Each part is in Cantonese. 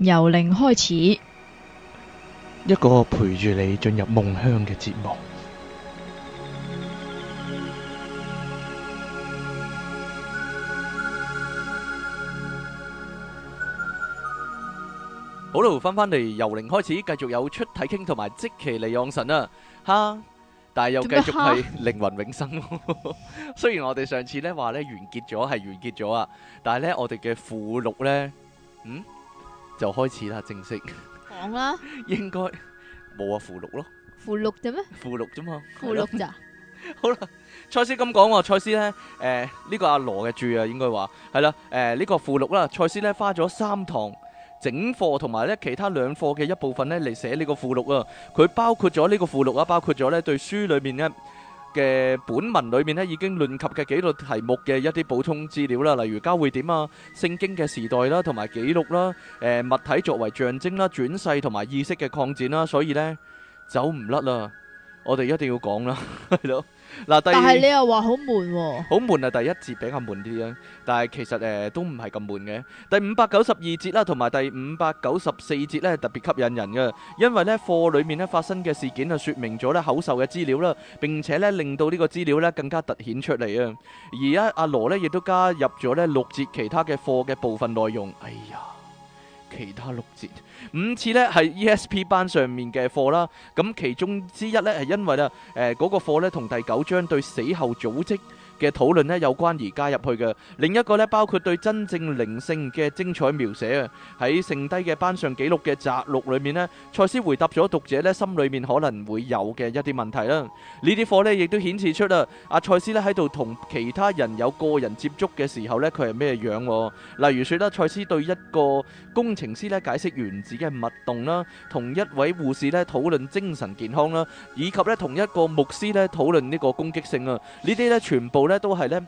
由零開始，一個陪住你進入夢鄉嘅節目。好啦，翻返嚟由零開始，繼續有出體傾同埋即其離養神啦。哈，但係又繼續係靈魂永生。雖然我哋上次呢話呢完結咗係完結咗啊，但係呢我哋嘅附錄呢，嗯。就開始啦，正式講啦，應該冇啊，附錄咯，附錄啫咩？附錄啫嘛，附錄咋？好啦，賽斯咁講喎，賽斯咧，誒呢個阿羅嘅注啊，應該話係啦，誒呢個附錄啦，賽斯咧花咗三堂整課同埋咧其他兩課嘅一部分咧嚟寫呢個附錄啊，佢包括咗呢個附錄啊，包括咗咧對書裏面咧，嘅本文裏面咧已經論及嘅幾道題目嘅一啲補充資料啦，例如交會點啊、聖經嘅時代啦、啊、同埋記錄啦、啊、誒、呃、物體作為象徵啦、啊、轉世同埋意識嘅擴展啦、啊，所以呢，走唔甩啦，我哋一定要講啦，係咯。嗱，第但係你又話、哦、好悶喎，好悶啊！第一節比較悶啲、呃、啊，但係其實誒都唔係咁悶嘅。第五百九十二節啦，同埋第五百九十四節咧特別吸引人嘅，因為咧課裏面咧發生嘅事件啊，說明咗咧口授嘅資料啦，並且咧令到個資呢個資料咧更加凸顯出嚟啊！而家阿羅咧亦都加入咗咧六節其他嘅課嘅部分內容。哎呀！其他六節，五次咧係 ESP 班上面嘅課啦，咁其中之一咧係因為咧，誒嗰個課咧同第九章對死後組織嘅討論咧有關而加入去嘅另一個咧，包括對真正靈性嘅精彩描寫啊！喺剩低嘅班上記錄嘅摘錄裏面咧，賽斯回答咗讀者咧心裏面可能會有嘅一啲問題啦。呢啲課咧亦都顯示出啦，阿賽斯咧喺度同其他人有個人接觸嘅時候咧，佢係咩樣？例如説啦，賽斯對一個工程師咧解釋原子嘅脈動啦，同一位護士咧討論精神健康啦，以及咧同一個牧師咧討論呢個攻擊性啊，呢啲咧全部，咧都係咧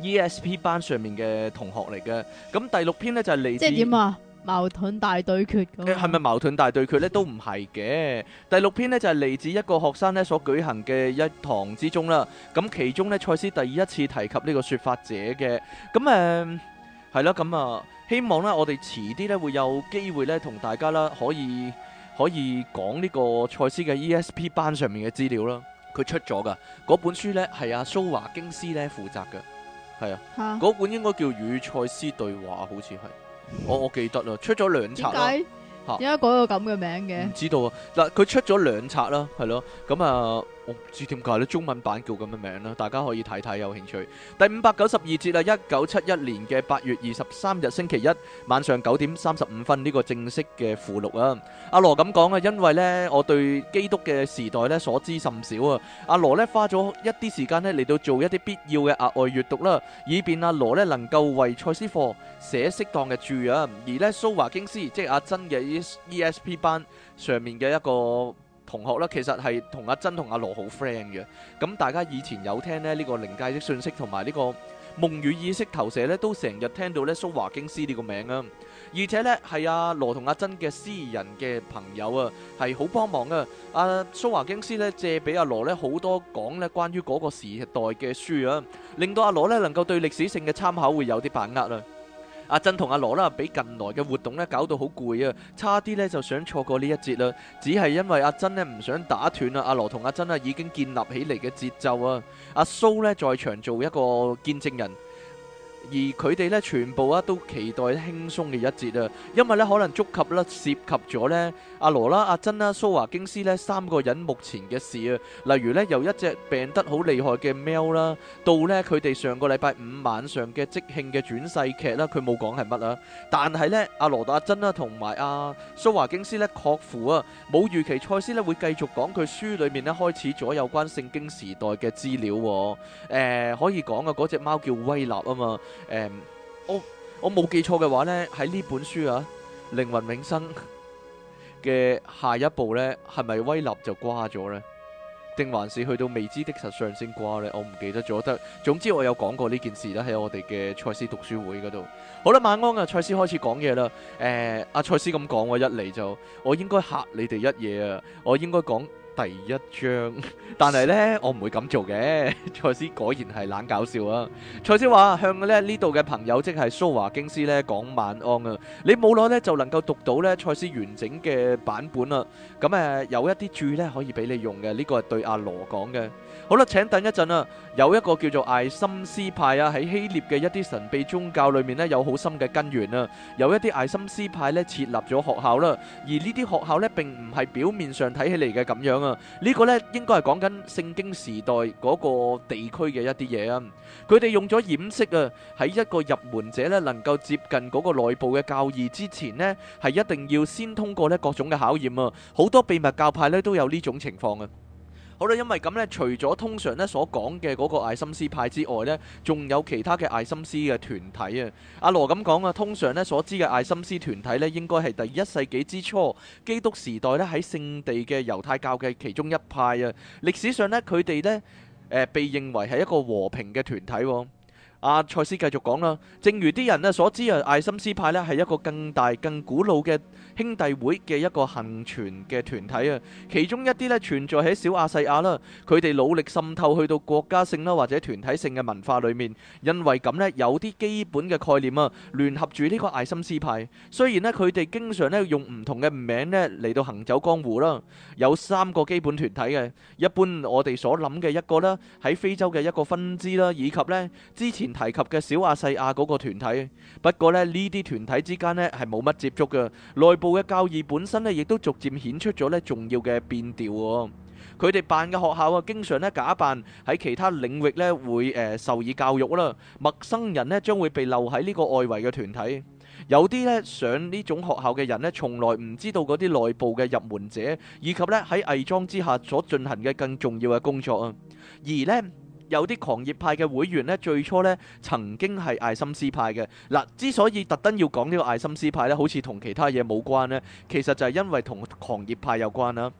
E S P 班上面嘅同學嚟嘅，咁第六篇呢，就係嚟自即係點啊矛盾大對決咁，係咪矛盾大對決呢？ 都唔係嘅，第六篇呢，就係嚟自一個學生呢所舉行嘅一堂之中啦，咁其中呢，賽斯第一次提及呢個說法者嘅，咁誒係啦，咁啊、嗯、希望呢，我哋遲啲呢會有機會呢，同大家啦可以可以講呢個賽斯嘅 E S P 班上面嘅資料啦。佢出咗㗎，嗰本書咧係阿蘇華京斯咧負責嘅，係啊，嗰哈本應該叫與賽斯對話，好似係，我我記得啦，出咗兩冊咯，嚇何，點解、啊、改咗咁嘅名嘅？唔知道啊，嗱，佢出咗兩冊啦，係咯，咁、嗯、啊。我唔知點解咧，中文版叫咁嘅名啦，大家可以睇睇有興趣。第五百九十二節啊，一九七一年嘅八月二十三日星期一晚上九點三十五分呢，這個正式嘅附錄啊。阿羅咁講啊，因為呢，我對基督嘅時代咧所知甚少啊。阿羅呢，花咗一啲時間咧嚟到做一啲必要嘅額外閱讀啦，以便阿羅呢能夠為賽斯課寫適當嘅注啊。而咧蘇華京斯，即係阿珍嘅 E E S P 班上面嘅一個。同學啦，其實係同阿珍同阿羅好 friend 嘅。咁大家以前有聽呢，呢個靈界的訊息，同埋呢個夢與意識投射呢，都成日聽到呢蘇華經師呢個名啊。而且呢係阿羅同阿珍嘅私人嘅朋友啊，係好幫忙啊。阿蘇華經師呢借俾阿羅呢好多講呢關於嗰個時代嘅書啊，令到阿羅呢能夠對歷史性嘅參考會有啲把握啊。阿珍同阿羅啦，俾近來嘅活動咧搞到好攰啊，差啲咧就想錯過呢一節啦，只係因為阿珍咧唔想打斷啊，阿羅同阿珍啊已經建立起嚟嘅節奏啊，阿蘇咧在場做一個見證人。而佢哋咧全部啊都期待輕鬆嘅一節啊，因為咧可能觸及啦涉及咗呢阿羅啦阿珍啦蘇華京斯呢三個人目前嘅事啊，例如呢，有一隻病得好厲害嘅喵啦，到呢佢哋上個禮拜五晚上嘅即興嘅轉世劇啦，佢冇講係乜啊，但係呢，阿羅同阿珍啦同埋阿蘇華京斯呢，確乎啊冇預期賽斯呢會繼續講佢書裏面呢，開始咗有關聖經時代嘅資料，誒、呃、可以講啊，嗰隻貓叫威納啊嘛。誒、um,，我我冇記錯嘅話呢，喺呢本書啊《靈魂永生》嘅下一步呢，係咪威立就瓜咗呢？定還是去到未知的實相先瓜呢？我唔記得咗，得總之我有講過呢件事啦，啊，喺我哋嘅賽斯讀書會嗰度好啦，啊。晚安啊，賽斯開始講嘢啦。誒、啊，阿賽斯咁講，我一嚟就我應該吓你哋一嘢啊，我應該講。第一章，但係呢，我唔會咁做嘅。賽斯果然係懶搞笑啊！賽斯話向咧呢度嘅朋友，即係蘇華京斯咧，講晚安啊！你冇攞呢，就能夠讀到呢賽斯完整嘅版本啦。咁誒，有一啲注呢，可以俾你用嘅，呢個係對阿羅講嘅。好啦，請等一陣啊！有一個叫做艾森斯派啊，喺希臘嘅一啲神秘宗教裏面呢，有好深嘅根源啊。有一啲艾森斯派呢設立咗學校啦，而呢啲學校呢並唔係表面上睇起嚟嘅咁樣啊。呢個呢應該係講緊聖經時代嗰個地區嘅一啲嘢啊。佢哋用咗掩飾啊，喺一個入門者呢能夠接近嗰個內部嘅教義之前呢，係一定要先通過呢各種嘅考驗啊。好多秘密教派呢都有呢種情況啊。好啦，因為咁咧，除咗通常咧所講嘅嗰個艾森斯派之外咧，仲有其他嘅艾森斯嘅團體啊。阿羅咁講啊，通常咧所知嘅艾森斯團體咧，應該係第一世紀之初基督時代咧喺聖地嘅猶太教嘅其中一派啊。歷史上咧，佢哋咧誒被認為係一個和平嘅團體。阿賽斯繼續講啦，正如啲人咧所知啊，艾森斯派咧係一個更大、更古老嘅兄弟會嘅一個幸存嘅團體啊。其中一啲咧存在喺小亞細亞啦，佢哋努力滲透去到國家性啦或者團體性嘅文化裏面。因為咁呢，有啲基本嘅概念啊，聯合住呢個艾森斯派。雖然呢，佢哋經常咧用唔同嘅名咧嚟到行走江湖啦。有三個基本團體嘅，一般我哋所諗嘅一個啦，喺非洲嘅一個分支啦，以及呢之前。提及嘅小亞、啊、細亞、啊、嗰個團體，不過呢呢啲團體之間呢係冇乜接觸嘅，內部嘅教義本身呢亦都逐漸顯出咗呢重要嘅變調。佢哋辦嘅學校啊，經常呢假扮，喺其他領域呢會誒、呃、受以教育啦，陌生人呢將會被留喺呢個外圍嘅團體。有啲呢上呢種學校嘅人呢，從來唔知道嗰啲內部嘅入門者以及呢喺偽裝之下所進行嘅更重要嘅工作，啊。而呢。有啲狂熱派嘅會員咧，最初咧曾經係艾森斯派嘅。嗱，之所以特登要講呢個艾森斯派咧，好似同其他嘢冇關咧，其實就係因為同狂熱派有關啦。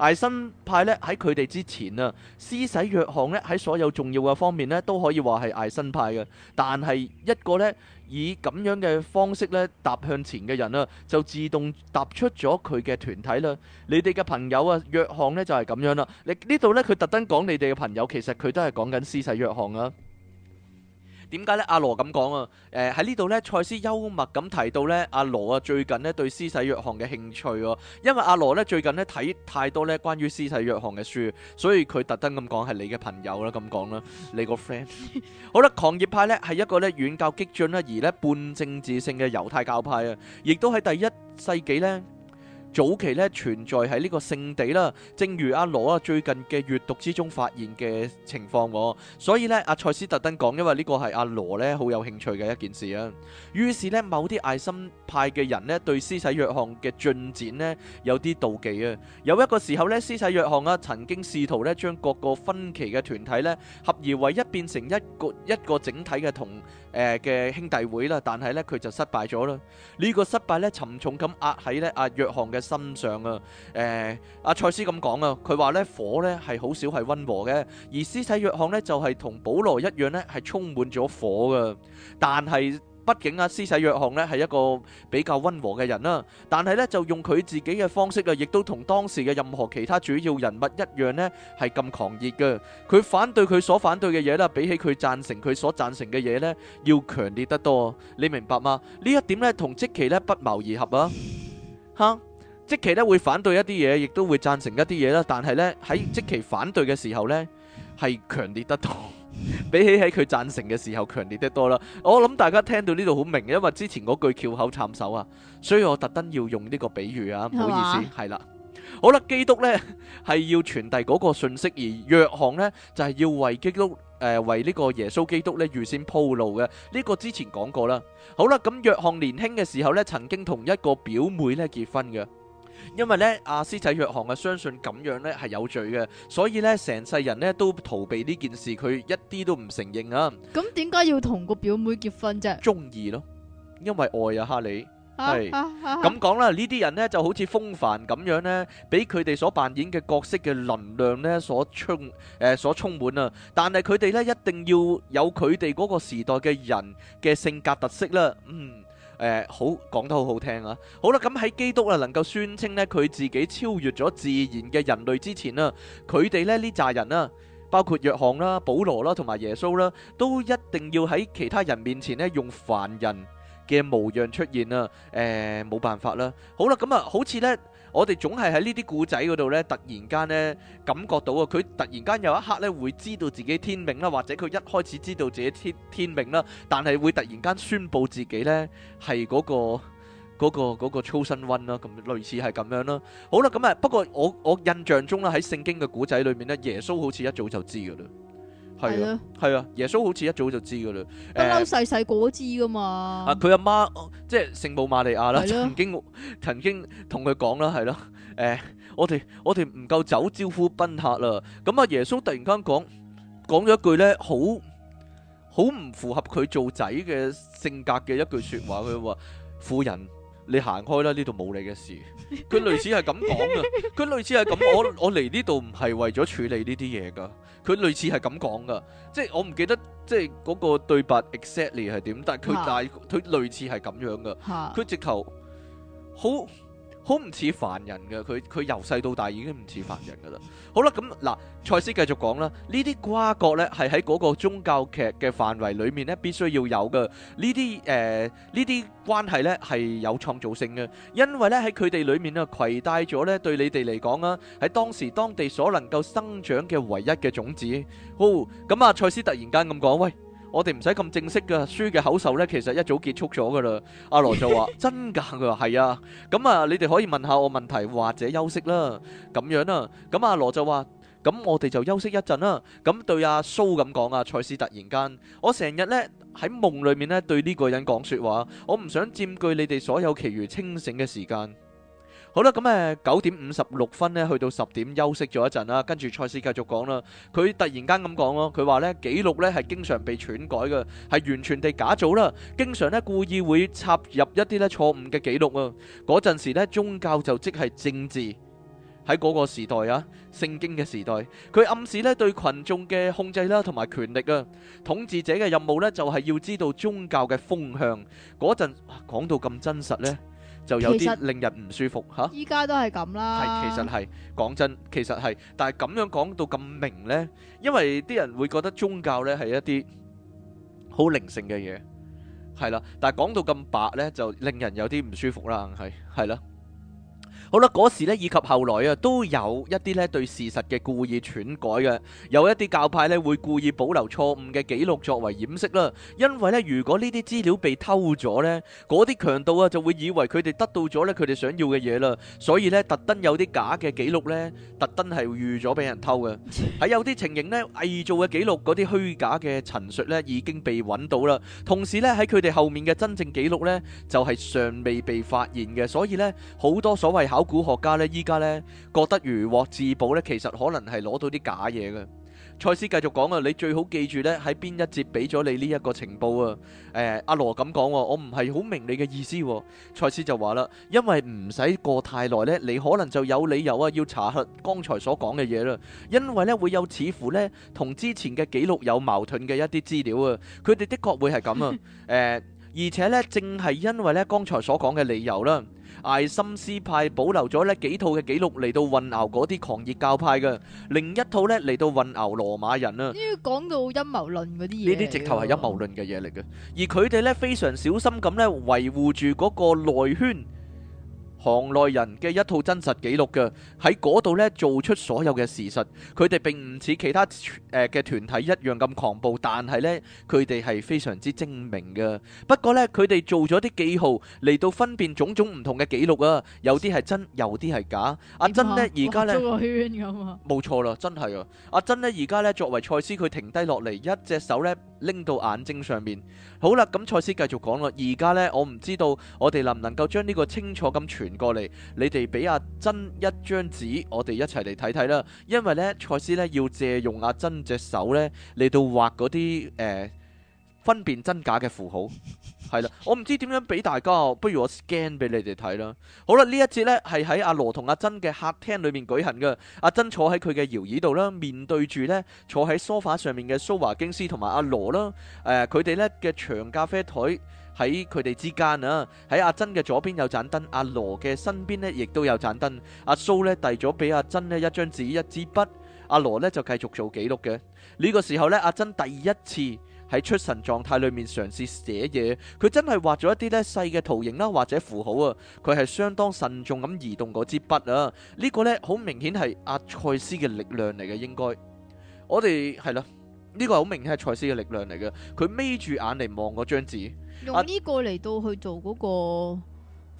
艾新派咧，喺佢哋之前啊，施洗約翰咧，喺所有重要嘅方面咧，都可以話係艾新派嘅。但係一個咧，以咁樣嘅方式咧，踏向前嘅人啊，就自動踏出咗佢嘅團體啦。你哋嘅朋友啊，約翰咧就係、是、咁樣啦。你呢度咧，佢特登講你哋嘅朋友，其實佢都係講緊施洗約翰啊。點解咧，阿羅咁講啊？誒、呃，喺呢度咧，賽斯幽默咁提到咧，阿羅啊最近咧對施洗約翰嘅興趣哦、啊，因為阿羅咧最近咧睇太多咧關於施洗約翰嘅書，所以佢特登咁講係你嘅朋友啦，咁講啦，你個 friend。 好啦，狂熱派咧係一個咧遠較激進啦、啊，而咧半政治性嘅猶太教派啊，亦都喺第一世紀咧，早期咧存在喺呢個聖地啦，正如阿羅啊最近嘅閱讀之中發現嘅情況，喔，所以咧阿賽斯特登講，因為個、啊、呢個係阿羅咧好有興趣嘅一件事啊。於是咧某啲艾森派嘅人咧對施洗約翰嘅進展咧有啲妒忌啊。有一個時候咧，施洗約翰啊曾經試圖咧將各個分歧嘅團體咧合而為一，變成一個 一個整體嘅同誒、呃、嘅兄弟會啦。但係咧佢就失敗咗啦。呢個失敗咧沉重咁壓喺咧阿約翰嘅心上啊，誒，阿賽斯咁講啊，佢話咧火咧係好少係溫和嘅，而施洗約翰咧就係同保羅一樣咧係充滿咗火噶，但係畢竟阿施洗約翰咧係一個比較溫和嘅人啦，但係咧就用佢自己嘅方式啊，亦都同當時嘅任何其他主要人物一樣咧係咁狂熱噶，佢反對佢所反對嘅嘢啦，比起佢贊成佢所贊成嘅嘢咧要強烈得多，你明白嗎？呢一點咧同即其咧不謀而合啊，吓。即期咧會反對一啲嘢，亦都會贊成一啲嘢啦。但係咧喺即期反對嘅時候咧，係強烈得多， 比起喺佢贊成嘅時候強烈得多啦。我諗大家聽到呢度好明，因為之前嗰句翹口插手啊，所以我特登要用呢個比喻啊，唔好意思，係吧啦，好啦，基督咧係要傳遞嗰個信息，而約翰咧就係、是、要為基督誒、呃、為呢個耶穌基督咧預先鋪路嘅。呢、這個之前講過啦。好啦，咁約翰年輕嘅時候咧，曾經同一個表妹咧結婚嘅。因為咧，阿師仔約翰啊，相信咁樣咧係有罪嘅，所以咧，成世人咧都逃避呢件事，佢一啲都唔承認啊。咁點解要同個表妹結婚啫？中意咯，因為愛啊，哈利係咁講啦。呢啲人咧就好似風帆咁樣咧，俾佢哋所扮演嘅角色嘅能量咧所充誒所充滿啊。但係佢哋咧一定要有佢哋嗰個時代嘅人嘅性格特色啦。嗯。誒、呃，好，講得好好聽啊！好啦，咁喺基督啊，能夠宣稱呢佢自己超越咗自然嘅人類之前啊，佢哋咧呢扎人啊，包括約翰啦、保羅啦同埋耶穌啦，都一定要喺其他人面前呢用凡人嘅模樣出現啊！誒、呃，冇辦法啦！好啦，咁、嗯、啊，好似呢。我哋總係喺呢啲古仔嗰度呢，突然間呢感覺到啊，佢突然間有一刻呢會知道自己天命啦，或者佢一開始知道自己天天命啦，但係會突然間宣布自己呢係嗰個嗰個嗰個 Chosen One 啦，咁、那個、類似係咁樣啦。好啦，咁啊，不過我我印象中啦，喺聖經嘅古仔裏面呢，耶穌好似一早就知噶啦。係咯，係啊！的的耶穌好似一早就知噶啦，不嬲細細果知噶嘛。啊，佢阿媽即係聖母瑪利亞啦的，曾經曾經同佢講啦，係咯。誒、欸，我哋我哋唔夠酒招呼賓客啦。咁、嗯、啊，耶穌突然間講講咗一句咧，好好唔符合佢做仔嘅性格嘅一句說話。佢話：婦 人你行開啦，呢度冇你嘅事。佢類似係咁講噶，佢類似係咁。 我我嚟呢度唔係為咗處理呢啲嘢噶。佢類似係咁講噶，即係我唔記得即係嗰個對白 exactly 係點，但係佢大佢、啊、類似係咁樣噶，佢、啊、直頭好。好唔似凡人嘅佢，佢由細到大已經唔似凡人噶啦。好啦，咁嗱，賽斯繼續講啦。呢啲瓜葛呢係喺嗰個宗教劇嘅範圍裏面呢必須要有嘅呢啲誒呢啲關係呢係有創造性嘅，因為呢喺佢哋裏面啊，携帶咗呢對你哋嚟講啊喺當時當地所能夠生長嘅唯一嘅種子。好咁啊，賽斯突然間咁講喂。我哋唔使咁正式㗎，蘇嘅口授呢，其實一早結束咗㗎啦。阿羅就話：真㗎，佢話係啊。咁啊，你哋可以問下我問題或者休息啦。咁樣啊，咁阿羅就話：咁我哋就休息一陣啦。咁對阿蘇咁講啊，賽斯突然間，我成日呢喺夢裏面呢對呢個人講說話，我唔想佔據你哋所有其餘清醒嘅時間。好啦，咁誒九點五十六分咧，去到十點，休息咗一陣啦，跟住賽斯繼續講啦。佢突然間咁講咯，佢話咧記錄咧係經常被篡改嘅，係完全地假造啦。經常咧故意會插入一啲咧錯誤嘅記錄啊。嗰陣時咧宗教就即係政治。喺嗰個時代啊，聖經嘅時代，佢暗示咧對羣眾嘅控制啦，同埋權力啊，統治者嘅任務咧就係要知道宗教嘅風向。嗰陣講到咁真實咧。就有啲令人唔舒服吓，依家都係咁啦。係，其實係講真，其實係，但係咁樣講到咁明咧，因為啲人會覺得宗教咧係一啲好靈性嘅嘢，係啦。但係講到咁白咧，就令人有啲唔舒服啦，係係啦。好啦，嗰時咧以及後來啊，都有一啲咧對事實嘅故意篡改嘅，有一啲教派咧會故意保留錯誤嘅記錄作為掩飾啦。因為咧，如果呢啲資料被偷咗咧，嗰啲強盜啊就會以為佢哋得到咗咧佢哋想要嘅嘢啦。所以咧，特登有啲假嘅記錄咧，特登係預咗俾人偷嘅。喺有啲情形咧，偽造嘅記錄嗰啲虛假嘅陳述咧已經被揾到啦，同時咧喺佢哋後面嘅真正記錄咧就係尚未被發現嘅。所以咧，好多所謂考考古學家呢，依家呢，覺得如獲至寶呢，其實可能係攞到啲假嘢嘅。賽斯繼續講啊，你最好記住呢，喺邊一節俾咗你呢一個情報啊？誒、呃，阿羅咁講，我唔係好明你嘅意思，啊。賽斯就話啦，因為唔使過太耐呢，你可能就有理由啊，要查核剛才所講嘅嘢啦。因為呢，會有似乎呢，同之前嘅記錄有矛盾嘅一啲資料啊，佢哋的確會係咁啊。誒、呃，而且呢，正係因為呢，剛才所講嘅理由啦。艾森斯派保留咗呢幾套嘅記錄嚟到混淆嗰啲狂熱教派嘅，另一套呢嚟到混淆羅馬人啊！呢啲講到陰謀論嗰啲嘢，呢啲直頭係陰謀論嘅嘢嚟嘅，而佢哋呢非常小心咁呢維護住嗰個內圈行內人嘅一套真實記錄嘅，喺嗰度呢做出所有嘅事實，佢哋並唔似其他。誒嘅團體一樣咁狂暴，但係呢，佢哋係非常之精明嘅。不過呢，佢哋做咗啲記號嚟到分辨種種唔同嘅記錄啊，有啲係真，有啲係假。麼阿珍呢，而家呢，冇錯啦，真係啊。阿珍呢，而家呢，作為賽斯，佢停低落嚟，一隻手呢，拎到眼睛上面。好啦，咁賽斯繼續講啦。而家呢，我唔知道我哋能唔能夠將呢個清楚咁傳過嚟。你哋俾阿珍一張紙，我哋一齊嚟睇睇啦。因為呢，賽斯呢，要借用阿珍。隻手咧嚟到畫嗰啲誒分辨真假嘅符號，係啦， 我唔知點樣俾大家，不如我 scan 俾你哋睇啦。好啦，呢一節呢，係喺阿羅同阿珍嘅客廳裏面舉行嘅。阿珍坐喺佢嘅搖椅度啦，面對住呢，坐喺梳化上面嘅蘇華經師同埋阿羅啦。誒、呃，佢哋呢嘅長咖啡台喺佢哋之間啊。喺阿珍嘅左邊有盞燈，阿羅嘅身邊呢，亦都有盞燈。阿蘇呢，遞咗俾阿珍呢，一張紙一支筆。阿羅咧就繼續做記錄嘅呢個時候咧，阿珍第一次喺出神狀態裏面嘗試寫嘢，佢真係畫咗一啲咧細嘅圖形啦、啊、或者符號啊，佢係相當慎重咁移動嗰支筆啊，這個、呢個咧好明顯係阿賽斯嘅力量嚟嘅，應該我哋係咯，呢、這個好明顯係賽斯嘅力量嚟嘅，佢眯住眼嚟望嗰張紙，用呢個嚟到去做嗰、那個。啊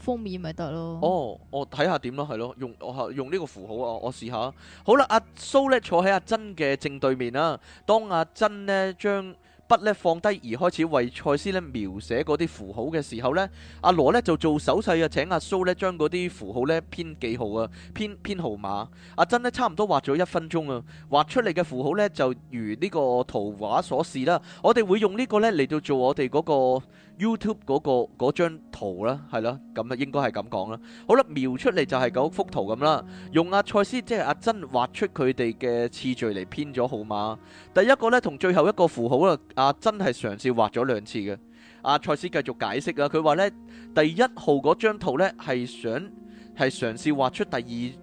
封面咪得咯。哦，我睇下點咯，係咯，用我用呢個符號啊，我試下。好啦，阿蘇咧坐喺阿珍嘅正對面啦、啊。當阿珍咧將筆咧放低而開始為賽斯咧描寫嗰啲符號嘅時候呢，阿羅呢就做手勢啊，請阿蘇咧將嗰啲符號咧編記號啊，編編號碼。阿珍咧差唔多畫咗一分鐘啊，畫出嚟嘅符號呢，就如呢個圖畫所示啦。我哋會用呢個呢嚟到做我哋嗰、嗰個。YouTube 嗰個嗰張圖啦，係咯，咁咧應該係咁講啦。好啦，描出嚟就係嗰幅圖咁啦。用阿賽斯即係，阿珍畫出佢哋嘅次序嚟編咗號碼。第一個咧同最後一個符號啊，阿珍係嘗試畫咗兩次嘅。阿賽斯繼續解釋啊，佢話咧第一號嗰張圖咧係想。係嘗試畫出第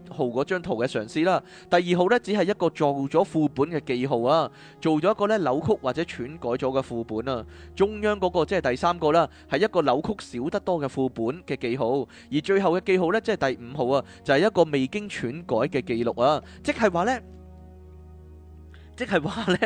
二號嗰張圖嘅嘗試啦，第二號呢，只係一個做咗副本嘅記號啊，做咗一個咧扭曲或者篡改咗嘅副本啊，中央嗰個即係第三個啦，係一個扭曲少得多嘅副本嘅記號，而最後嘅記號呢，即係第五號啊，就係、是、一個未經篡改嘅記錄啊，即係話呢，即係話呢，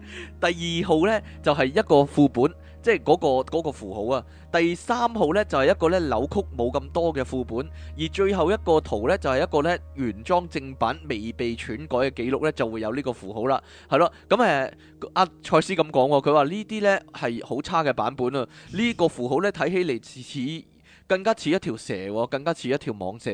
第二號呢，就係一個副本，即係嗰個嗰、嗰個符號啊。第三號呢，就係一個咧扭曲冇咁多嘅副本，而最後一個圖呢，就係一個咧原裝正版未被篡改嘅記錄呢就會有呢個符號啦，係咯，咁誒阿賽斯咁講喎，佢話呢啲呢係好差嘅版本啊，呢個符號呢睇起嚟似。更加似一條蛇，更加似一條蟒蛇。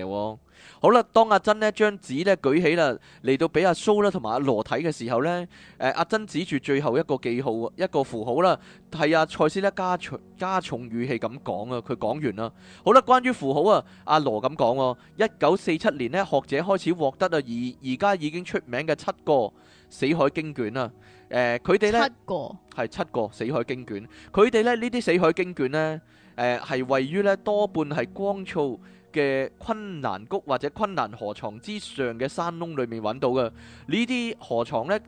好啦，當阿珍呢將紙呢舉起啦，嚟到俾阿蘇啦同埋阿羅睇嘅時候呢，誒、呃、阿珍指住最後一個記號一個符號啦，係阿賽斯呢加重加重語氣咁講啊，佢講完啦。好啦，關於符號啊，阿羅咁講喎，一九四七年呢，學者開始獲得啊，而而家已經出名嘅七個死海經卷啦。誒、呃，佢哋咧，係七，個七個死海經卷，佢哋呢，呢啲死海經卷呢。誒係，呃、位於咧，多半係光燥嘅昆難谷或者昆蘭河床之上嘅山窿裏面揾到嘅。呢啲河床咧。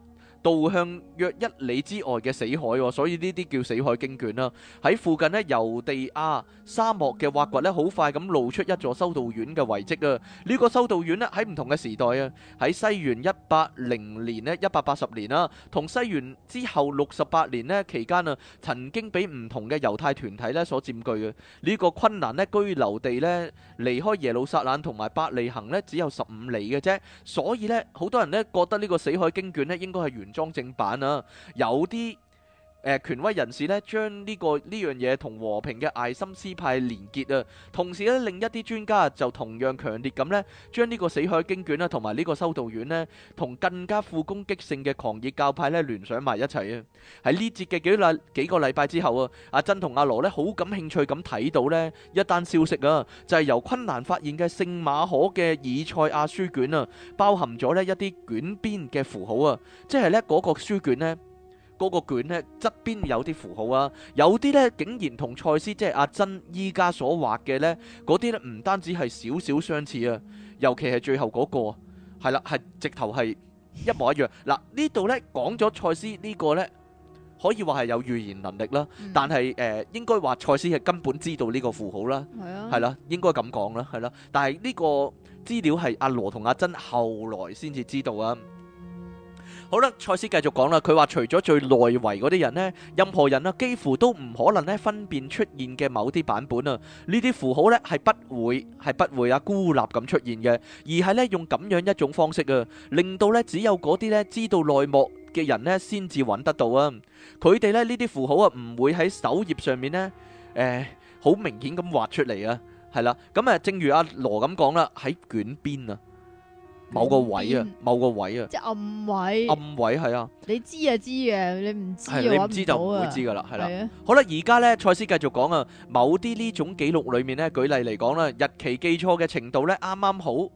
道向約一里之外嘅死海，所以呢啲叫死海經卷啦。喺附近呢，猶地亞沙漠嘅挖掘呢，好快咁露出一座修道院嘅遺跡啊！呢、這個修道院呢，喺唔同嘅時代啊，喺西元一八零年呢，一百八十年啦，同西元之後六十八年呢期間啊，曾經俾唔同嘅猶太團體呢所佔據嘅。呢、這個昆蘭呢，居留地呢，離開耶路撒冷同埋伯利恆呢，只有十五里嘅啫，所以呢，好多人呢，覺得呢個死海經卷呢，應該係原。原裝正版啊，有啲。 誒、呃、權威人士咧，將呢、這個呢樣嘢同和，和平嘅艾森斯派連結啊，同時咧，另一啲專家就同樣強烈咁咧，將呢個死海經卷啦，同埋呢個修道院咧，同更加富攻擊性嘅狂熱教派咧聯想埋一齊啊！喺呢節嘅幾例幾個禮拜之後啊，阿珍同阿羅咧好感興趣咁睇到咧一單消息啊，就係、是、由昆蘭發現嘅聖馬可嘅以賽亞書卷啊，包含咗咧一啲卷邊嘅符號啊，即係咧嗰個書卷咧。嗰個卷呢側邊有啲符號啊，有啲呢竟然同賽斯即係阿珍依家所畫嘅呢嗰啲呢，唔單止係少少相似啊，尤其係最後嗰個，係啦，係直頭係一模一樣。嗱，呢度呢講咗賽斯呢個呢，可以話係有預言能力啦，嗯、但係誒、呃、應該話賽斯係根本知道呢個符號啦，係啊、嗯，係啦，應該咁講啦，係啦，但係呢個資料係阿羅同阿珍後來先至知道啊。好啦，賽斯繼續講啦，佢話除咗最內圍嗰啲人呢，任何人啊，幾乎都唔可能呢分辨出現嘅某啲版本啊。呢啲符號呢係不會係不會啊孤立咁出現嘅，而係呢用咁樣一種方式啊，令到呢只有嗰啲呢知道內幕嘅人呢先至揾得到啊。佢哋呢呢啲符號啊唔會喺首頁上面呢誒好明顯咁畫出嚟啊，係啦，咁啊正如阿羅咁講啦，喺卷邊啊。某個位啊，某個位啊，即係暗位。暗位係啊，你知，知，你知，你知，知啊，知嘅、啊，你唔知係你唔知就唔會知噶啦，係啦。好啦，而家咧，賽斯繼續講啊，某啲呢種記錄裏面咧，舉例嚟講啦，日期記錯嘅程度咧，啱啱好。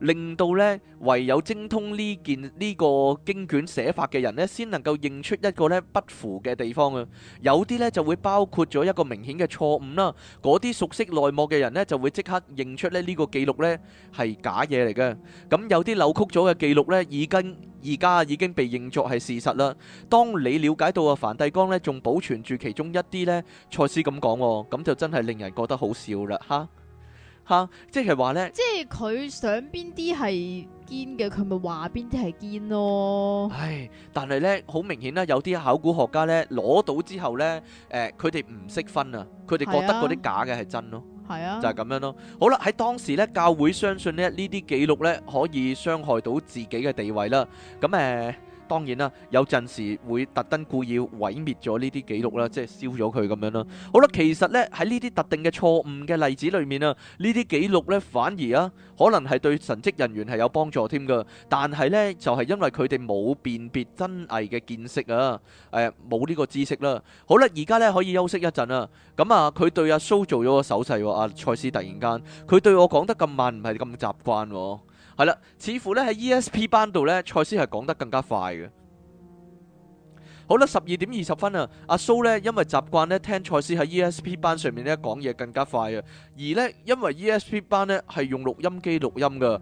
令到咧，唯有精通呢件呢個經卷寫法嘅人咧，先能夠認出一個咧不符嘅地方啊！有啲咧就會包括咗一個明顯嘅錯誤啦，嗰啲熟悉內幕嘅人咧就會即刻認出咧呢個記錄咧係假嘢嚟嘅。咁有啲扭曲咗嘅記錄咧，已經而家已經被認作係事實啦。當你瞭解到阿梵蒂岡咧仲保存住其中一啲咧，賽斯咁講喎，咁就真係令人覺得好笑啦，哈！吓、啊，即係話呢，即係佢想邊啲係堅嘅，佢咪話邊啲係堅咯。係，但係呢，好明顯啦，有啲考古學家呢攞到之後呢，誒、呃，佢哋唔識分啊，佢哋覺得嗰啲假嘅係真咯，係啊，就係咁樣咯。好啦，喺當時呢，教會相信呢呢啲記錄呢，可以傷害到自己嘅地位啦。咁、嗯、誒。呃當然啦，有陣時會特登故意毀滅咗呢啲記錄啦，即係燒咗佢咁樣啦。好啦，其實呢，喺呢啲特定嘅錯誤嘅例子裏面啊，呢啲記錄呢，反而啊可能係對神職人員係有幫助添噶。但係呢，就係因為佢哋冇辨別真偽嘅見識啊，誒冇呢個知識啦。好啦，而家呢，可以休息一陣啦。咁啊，佢對阿蘇做咗個手勢喎，阿賽斯突然間佢對我講得咁慢，唔係咁習慣喎。係啦，似乎咧喺 ESP 班度呢，賽斯係講得更加快嘅。好啦，十二點二十分啊，阿蘇呢，因為習慣呢聽賽斯喺 ESP 班上面呢講嘢更加快啊，而呢，因為 ESP 班呢係用錄音機錄音噶，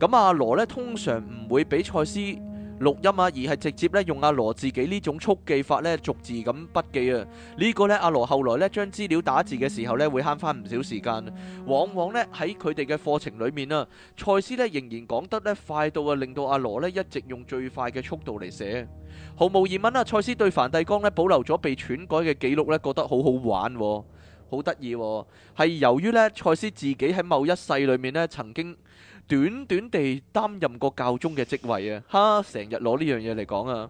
咁阿羅呢，通常唔會畀賽斯。錄音啊，而係直接咧用阿羅自己呢種速記法咧，逐字咁筆記啊。呢個呢，阿羅後來咧將資料打字嘅時候咧，會慳翻唔少時間。往往呢，喺佢哋嘅課程裡面啊，賽斯咧仍然講得咧快到啊，令到阿羅咧一直用最快嘅速度嚟寫。毫無疑問啊，賽斯對梵蒂岡咧保留咗被篡改嘅記錄咧，覺得好好玩，好得意。係由於呢，賽斯自己喺某一世裡面咧曾經，短短地擔任過教宗嘅職位啊，哈！成日攞呢樣嘢嚟講啊。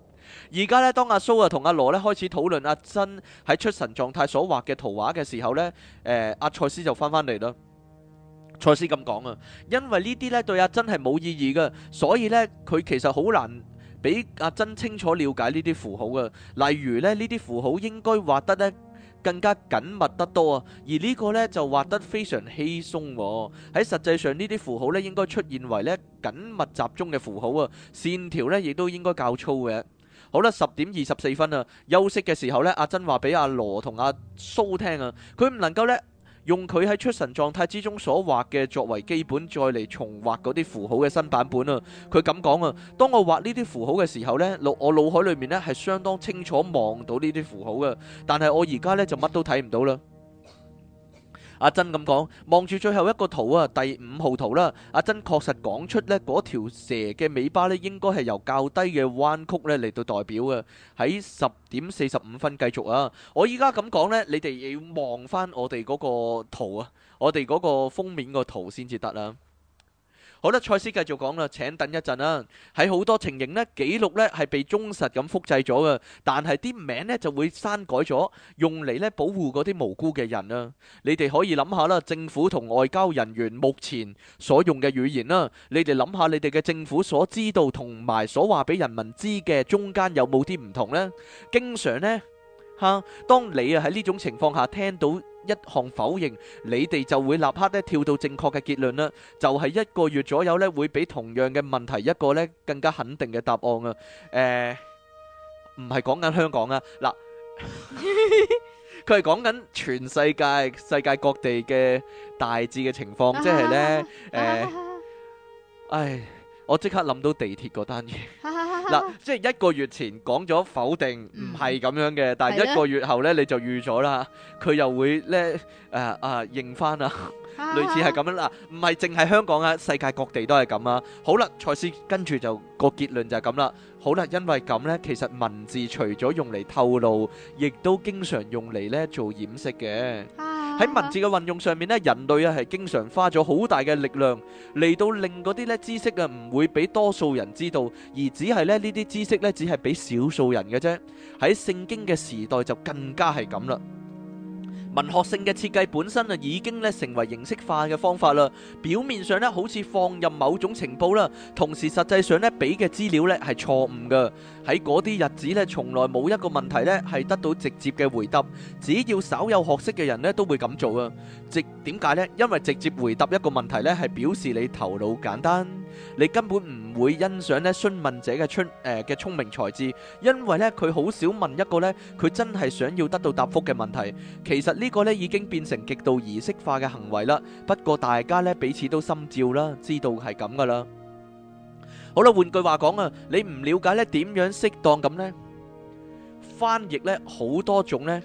而家咧，當阿蘇啊同阿羅咧開始討論阿珍喺出神狀態所畫嘅圖畫嘅時候咧，誒，阿賽斯就返返嚟啦。賽斯咁講啊，因為呢啲咧對阿珍係冇意義噶，所以咧佢其實好難俾阿珍清楚了解呢啲符號噶。例如咧，呢啲符號應該畫得咧。更加緊密得多啊！而呢個呢，就畫得非常稀鬆喎。喺實際上呢啲符號呢，應該出現為呢緊密集中嘅符號啊，線條呢，亦都應該較粗嘅。好啦，十點二十四分啊，休息嘅時候呢，阿珍話俾阿羅同阿蘇聽啊，佢唔能夠呢。用佢喺出神狀態之中所畫嘅作為基本，再嚟重畫嗰啲符號嘅新版本啊！佢咁講啊，當我畫呢啲符號嘅時候呢，腦，我腦海裏面呢，係相當清楚望到呢啲符號嘅，但係我而家呢，就乜都睇唔到啦。阿珍咁講，望住最後一個圖啊，第五號圖啦。阿珍確實講出呢嗰條蛇嘅尾巴咧，應該係由較低嘅彎曲咧嚟到代表嘅。喺十點四十五分繼續啊。我依家咁講呢，你哋要望翻我哋嗰個圖啊，我哋嗰個封面個圖先至得啦。好啦，塞斯繼續講啦，請等一陣啊。喺好多情形呢，記錄呢係被忠實咁複製咗嘅，但係啲名呢就會刪改咗，用嚟呢保護嗰啲無辜嘅人啊。你哋可以諗下啦，政府同外交人員目前所用嘅語言啦，你哋諗下你哋嘅政府所知道同埋所話俾人民知嘅中間有冇啲唔同呢？經常呢嚇，當你啊喺呢種情況下聽到。一項否認，你哋就會立刻咧跳到正確嘅結論啦。就係、是、一個月左右咧，會畀同樣嘅問題一個咧更加肯定嘅答案啊。誒、呃，唔係講緊香港啊，嗱，佢係講緊全世界世界各地嘅大致嘅情況，即、就、係、是、呢，誒、啊啊呃，唉，我即刻諗到地鐵嗰單嘢。嗱、啊，即係一個月前講咗否定唔係咁樣嘅，嗯、但係一個月後咧你就預咗啦，佢呢又會咧誒啊認返啊，啊 類似係咁樣啦，唔係淨係香港啊，世界各地都係咁啊。好啦，蔡司跟住就個結論就係咁啦。好啦，因為咁咧，其實文字除咗用嚟透露，亦都經常用嚟咧做掩飾嘅。 喺文字嘅運用上面咧，人類啊係經常花咗好大嘅力量嚟到令嗰啲咧知識啊唔會俾多數人知道，而只係咧呢啲知識咧只係俾少數人嘅啫。喺聖經嘅時代，就更加係咁啦。文學性嘅設計本身啊，已經咧成為形式化嘅方法啦。表面上咧，好似放任某種情報啦，同時實際上咧，俾嘅資料咧係錯誤嘅。喺嗰啲日子咧，從來冇一個問題咧係得到直接嘅回答。只要稍有學識嘅人咧，都會咁做啊。直點解呢？因為直接回答一個問題咧，係表示你頭腦簡單。你根本唔會欣賞咧詢問者嘅聰誒，嘅聰明才智，因為咧佢好少問一個咧佢真係想要得到答復嘅問題。其實呢個咧已經變成極度儀式化嘅行為啦。不過大家咧彼此都心照啦，知道係咁噶啦。好啦，換句話講啊，你唔了解咧點樣適當咁咧翻譯呢，好多種呢。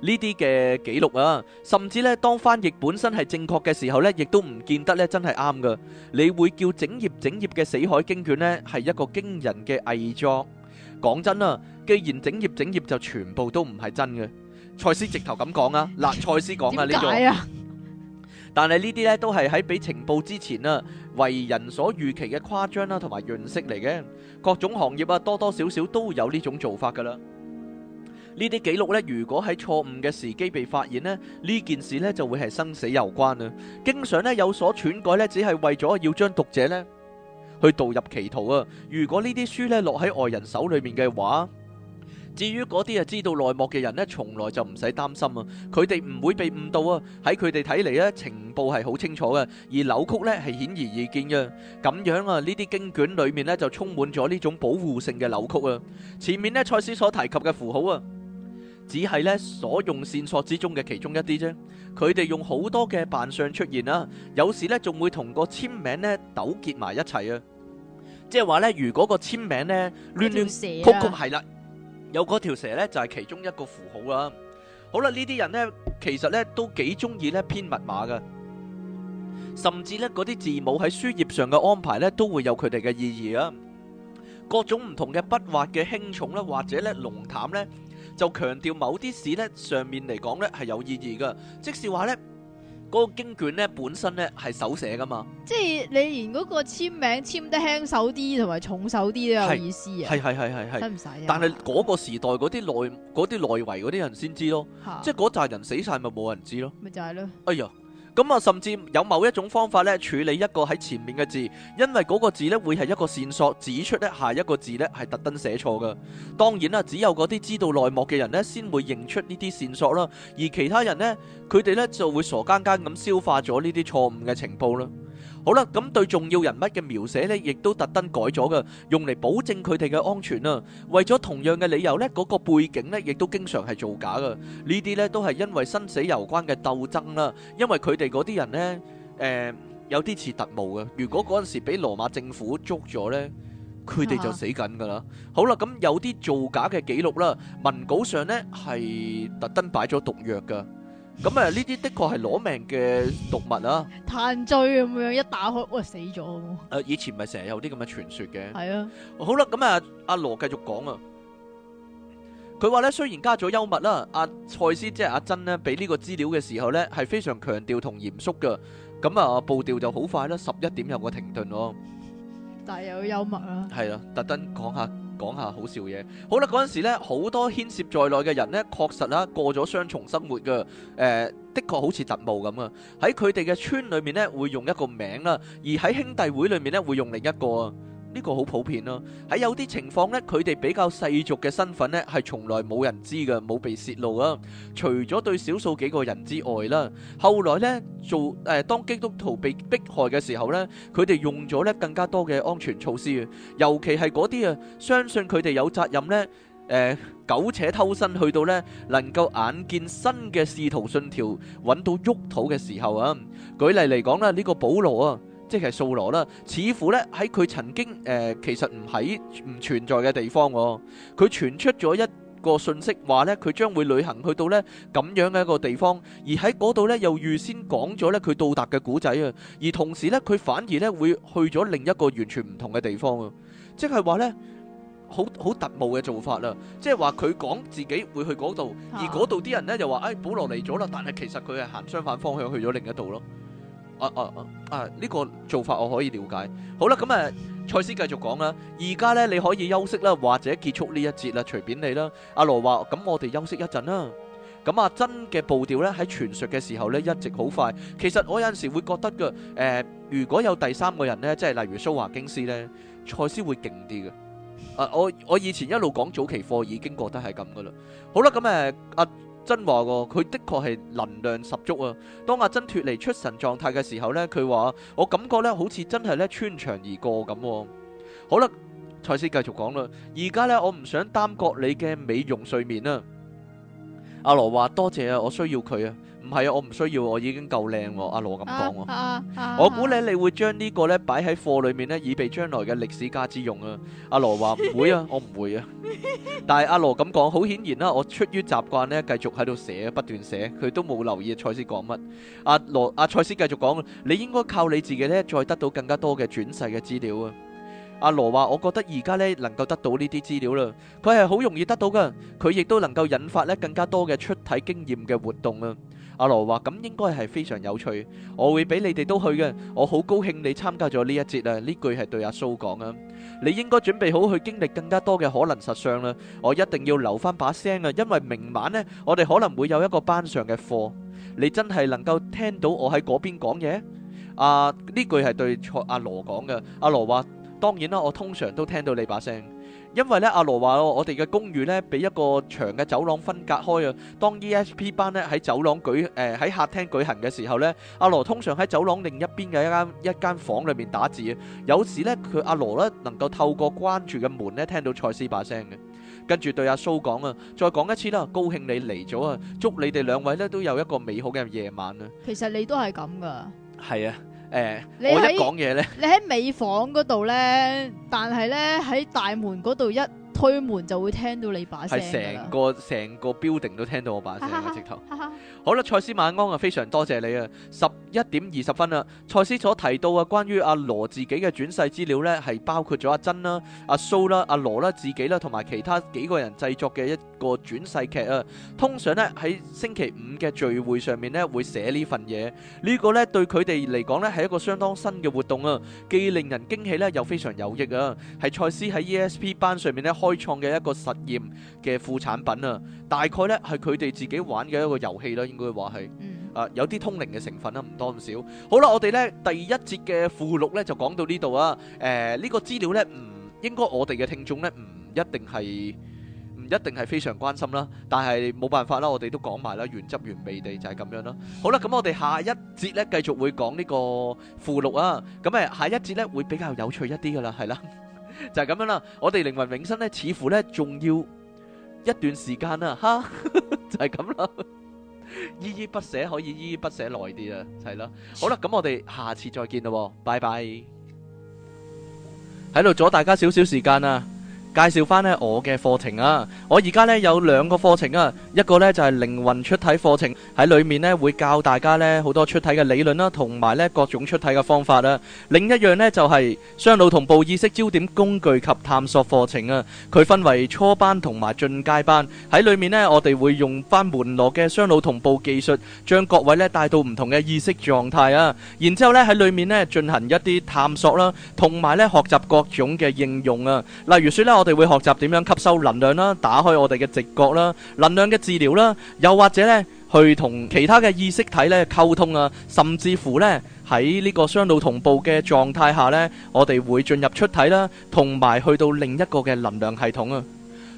呢啲嘅記錄啊，甚至咧，當翻譯本身係正確嘅時候咧，亦都唔見得咧真係啱㗎。你會叫整頁整頁嘅死海經卷咧係一個驚人嘅偽作。講真啊，既然整頁整頁就全部都唔係真嘅，賽斯直頭咁講啊。嗱，賽斯講啊呢個，但係呢啲咧都係喺俾情報之前啊，為人所預期嘅誇張啦，同埋潤色嚟嘅。各種行業啊，多多少少都有呢種做法㗎啦。呢啲記錄咧，如果喺錯誤嘅時機被發現咧，呢件事咧就會係生死攸關啊！經常咧有所篡改咧，只係為咗要將讀者咧去導入歧途啊！如果呢啲書咧落喺外人手裏面嘅話，至於嗰啲啊知道內幕嘅人咧，從來就唔使擔心啊！佢哋唔會被誤導啊！喺佢哋睇嚟咧，情報係好清楚嘅，而扭曲咧係顯而易見嘅。咁樣啊，呢啲經卷裏面咧就充滿咗呢種保護性嘅扭曲啊！前面咧蔡司所提及嘅符號啊。只係咧所用線索之中嘅其中一啲啫，佢哋用好多嘅扮相出現啦，有時咧仲會同個簽名咧糾結埋一齊啊！即係話咧，如果個簽名咧亂亂曲曲係啦，有嗰條蛇咧就係其中一個符號啊。好啦，呢啲人咧其實咧都幾中意咧編密碼㗎，甚至咧嗰啲字母喺書頁上嘅安排咧都會有佢哋嘅意義啊！各種唔同嘅筆畫嘅輕重咧，或者咧濃淡咧。就強調某啲事咧上面嚟講咧係有意義噶，即是話咧嗰個經卷咧本身咧係手寫噶嘛。即係你連嗰個簽名簽得輕手啲同埋重手啲都有意思啊！係係係係係，使唔使？但係嗰個時代嗰啲內啲內，內圍嗰啲人先知咯，哈即係嗰扎人死晒咪冇人知咯，咪就係咯。哎呀！咁啊，甚至有某一種方法咧，處理一個喺前面嘅字，因為嗰個字咧會係一個線索，指出咧下一個字咧係特登寫錯嘅。當然啦，只有嗰啲知道內幕嘅人咧，先會認出呢啲線索啦，而其他人呢，佢哋咧就會傻更更咁消化咗呢啲錯誤嘅情報啦。好啦，咁對重要人物嘅描寫咧，亦都特登改咗噶，用嚟保證佢哋嘅安全啊。為咗同樣嘅理由咧，嗰個背景咧，亦都經常係造假噶。呢啲咧都係因為生死攸關嘅鬥爭啦。因為佢哋嗰啲人咧，誒，有啲似特務噶。如果嗰陣時俾羅馬政府捉咗咧，佢哋就死緊噶啦。好啦，咁有啲造假嘅記錄啦，文稿上咧係特登擺咗毒藥噶。咁、嗯、啊，呢啲的確係攞命嘅毒物啦，炭醉咁樣一打開，哇死咗，啊！誒，以前咪成日有啲咁嘅傳說嘅。係啊，好啦，咁、嗯、啊、啊，阿羅繼續講啊，佢話咧，雖然加咗幽默啦，阿蔡司即係阿珍呢，俾呢個資料嘅時候咧，係非常強調同嚴肅噶，咁、嗯、啊步調就好快啦，十一點有個停頓咯，啊，但係有幽默啊，係啊，特登講下。講下好笑嘢，好啦，嗰陣時呢好多牽涉在內嘅人呢，確實啦，過咗雙重生活㗎，誒、呃、的確好似特務咁啊！喺佢哋嘅村裏面呢，會用一個名啦，而喺兄弟會裏面呢，會用另一個啊。呢個好普遍咯，喺有啲情況咧，佢哋比較世俗嘅身份咧，係從來冇人知嘅，冇被泄露啊。除咗對少數幾個人之外啦，後來咧做誒，當基督徒被迫害嘅時候咧，佢哋用咗咧更加多嘅安全措施，尤其係嗰啲啊，相信佢哋有責任咧，誒，苟且偷生去到咧，能夠眼見新嘅使徒信條揾到喐土嘅時候啊。舉例嚟講啦，呢個保羅啊。即係掃羅啦，似乎咧喺佢曾經誒、呃，其實唔喺唔存在嘅地方，佢傳出咗一個信息，話咧佢將會旅行去到咧咁樣嘅一個地方，而喺嗰度咧又預先講咗咧佢到達嘅古仔啊，而同時咧佢反而咧會去咗另一個完全唔同嘅地方啊，即係話咧好好特務嘅做法啦，即係話佢講自己會去嗰度，而嗰度啲人咧又話誒保羅嚟咗啦，但係其實佢係行相反方向去咗另一度咯。啊啊啊！啊呢個做法我可以了解。好啦，咁啊，賽斯繼續講啦。而家呢，你可以休息啦，或者結束呢一節啦，隨便你啦。阿羅話：咁我哋休息一陣啦。咁啊，珍嘅步調呢喺傳述嘅時候呢一直好快。其實我有陣時會覺得噶，誒，如果有第三個人呢，即係例如蘇華金斯呢，賽斯會勁啲嘅。啊，我我以前一路講早期貨已經覺得係咁噶啦。好啦，咁誒，阿。真話個，佢的確係能量十足啊！當阿珍脫離出神狀態嘅時候呢，佢話：我感覺呢、啊，好似真係咧穿牆而過咁。好啦，賽斯繼續講啦，而家呢，我唔想耽擱你嘅美容睡眠啊。阿羅話：多謝啊，我需要佢啊。唔係啊，我唔需要，我已經夠靚。阿羅咁講，啊啊啊、我估咧你會將呢個咧擺喺貨裏面咧，以備將來嘅歷史家之用啊。阿羅話唔會啊， 我唔會啊。但係阿羅咁講，好顯然啦、啊。我出於習慣咧，繼續喺度寫，不斷寫。佢都冇留意賽斯講乜。阿羅阿賽斯繼續講，你應該靠你自己咧，再得到更加多嘅轉世嘅資料啊。阿羅話，我覺得而家咧能夠得到呢啲資料啦，佢係好容易得到噶，佢亦都能夠引發咧更加多嘅出體經驗嘅活動啊。阿羅話：咁應該係非常有趣，我會俾你哋都去嘅。我好高興你參加咗呢一節啊！呢句係對阿蘇講啊，你應該準備好去經歷更加多嘅可能實相啦。我一定要留翻把聲啊，因為明晚呢，我哋可能會有一個班上嘅課。你真係能夠聽到我喺嗰邊講嘢？啊，呢句係對阿羅講嘅。阿羅話：當然啦，我通常都聽到你把聲。因為咧，阿羅話咯，我哋嘅公寓咧，俾一個長嘅走廊分隔開啊。當 ESP 班咧喺走廊舉誒喺客廳舉行嘅時候咧，阿羅通常喺走廊另一邊嘅一間一間房裏面打字啊。有時咧，佢阿羅咧能夠透過關住嘅門咧聽到賽斯把聲嘅，跟住對阿蘇講啊，再講一次啦，高興你嚟咗啊，祝你哋兩位咧都有一個美好嘅夜晚啊。其實你都係咁㗎。係啊。誒，呃、你喺我一講嘢咧，你喺美房度咧，但係咧喺大門度一。推門就會聽到你把聲，係成個成個 building 都聽到我把聲喺度直頭。好啦，賽斯晚安啊，非常多謝你啊！十一點二十分啦，賽斯所提到嘅關於阿羅自己嘅轉世資料咧，係包括咗阿珍啦、阿蘇啦、阿羅啦自己啦，同埋其他幾個人製作嘅一個轉世劇啊。通常咧喺星期五嘅聚會上面咧，會寫呢份嘢。呢個咧對佢哋嚟講咧係一個相當新嘅活動啊，既令人驚喜咧，又非常有益啊。係賽斯喺 ESP 班上面咧開開創嘅一個實驗嘅副產品啊，大概呢係佢哋自己玩嘅一個遊戲啦，應該話係，誒有啲通靈嘅成分啦，唔多唔少。好啦，我哋呢第一節嘅附錄呢就講到呢度啊。誒，呢個資料呢唔應該我哋嘅聽眾呢唔一定係，唔一定係非常關心啦，但係冇辦法啦，我哋都講埋啦，原汁原味地就係咁樣啦。好啦，咁我哋下一節呢繼續會講呢個附錄啊。咁誒下一節呢會比較有趣一啲噶啦，係啦。就係咁樣啦，我哋靈魂永生咧，似乎咧仲要一段時間啦，哈， 就係咁啦， 依依不捨，可以依依不捨耐啲啊，係咯，好啦，咁、嗯、我哋下次再見咯，拜拜，喺度阻大家少少時間啊。介紹翻咧我嘅課程啊，我而家咧有兩個課程啊，一個咧就係靈魂出體課程，喺裏面咧會教大家咧好多出體嘅理論啦，同埋咧各種出體嘅方法啊。另一樣咧就係雙腦同步意識焦點工具及探索課程啊，佢分為初班同埋進階班，喺裏面咧我哋會用翻門羅嘅雙腦同步技術，將各位咧帶到唔同嘅意識狀態啊。然之後咧喺裏面咧進行一啲探索啦，同埋咧學習各種嘅應用啊，例如說咧我。我哋會學習點樣吸收能量啦，打開我哋嘅直覺啦，能量嘅治療啦，又或者呢，去同其他嘅意識體呢溝通啊，甚至乎呢喺呢個雙腦同步嘅狀態下呢，我哋會進入出體啦，同埋去到另一個嘅能量系統啊。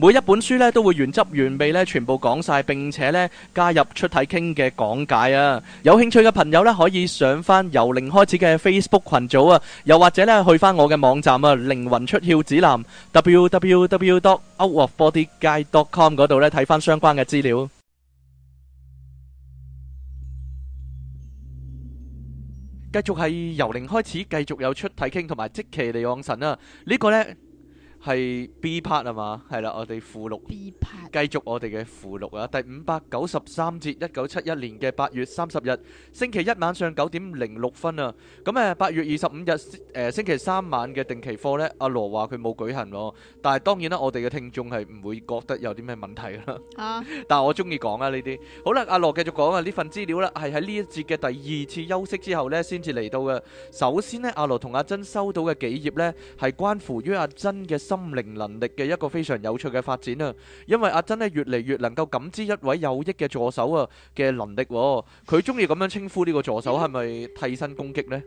每一本書咧都會原汁原味咧全部講晒，並且咧加入出體傾嘅講解啊！有興趣嘅朋友咧可以上翻由零開始嘅 Facebook 群組啊，又或者咧去翻我嘅網站啊靈魂出竅指南 www.outofbodyguide.com 嗰度咧睇翻相關嘅資料。繼續係由零開始，繼續有出體傾同埋即期嚟往神啊！這個、呢個咧。係 B part 啊嘛，係啦，我哋附錄 Be part. 繼續我哋嘅附錄啊，第五百九十三節，一九七一年嘅八月三十日星期一晚上九點零六分啊，咁誒八月二十五日誒、呃、星期三晚嘅定期課呢，阿、啊、羅話佢冇舉行咯，但係當然啦，我哋嘅聽眾係唔會覺得有啲咩問題啦，uh. 啊，但係我中意講啊呢啲，好啦，阿、啊、羅繼續講啊呢份資料啦，係喺呢一節嘅第二次休息之後呢，先至嚟到嘅，首先呢，阿、啊、羅同阿珍收到嘅幾頁呢，係關乎於阿珍嘅心。 心靈能力嘅一個非常有趣嘅發展啊！因為阿珍咧越嚟越能夠感知一位有益嘅助手啊嘅能力，佢中意咁樣稱呼呢個助手係咪替身攻擊咧？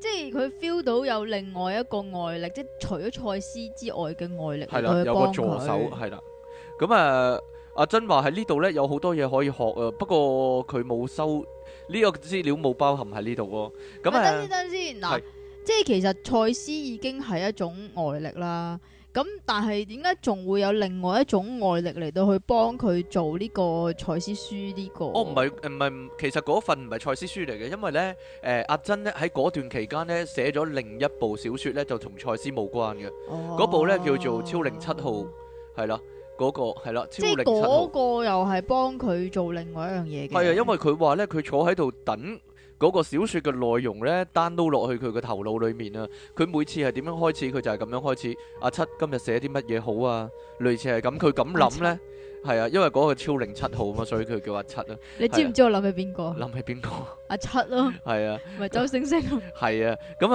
即係佢 feel 到有另外一個外力，即係除咗賽斯之外嘅外力。係啦，有個助手係啦。咁啊，阿珍話喺呢度咧有好多嘢可以學啊，不過佢冇收呢個資料冇包含喺呢度。咁啊，阿珍先，阿珍先嗱。即係其實賽斯已經係一種外力啦，咁但係點解仲會有另外一種外力嚟到去幫佢做呢個賽斯書呢，呢個？哦，唔係唔係，其實嗰份唔係賽斯書嚟嘅，因為咧誒、呃、阿珍咧喺嗰段期間咧寫咗另一部小説咧，就同賽斯冇關嘅。嗰、哦、部咧叫做超、嗰個《超零七號》，係啦，嗰個係啦，《超零七號》。嗰個又係幫佢做另外一樣嘢嘅。係啊，因為佢話咧，佢坐喺度等。嗰個小説嘅內容咧 d o 落去佢嘅頭腦裏面啊！佢每次係點樣開始，佢就係咁樣開始。阿、啊、七今日寫啲乜嘢好啊？類似係咁，佢咁諗呢。係啊，因為嗰個超零七號嘛，所以佢叫阿七啊。你知唔知我諗起邊個？諗起邊個？阿七咯。係啊。咪、啊、周星星。係啊，咁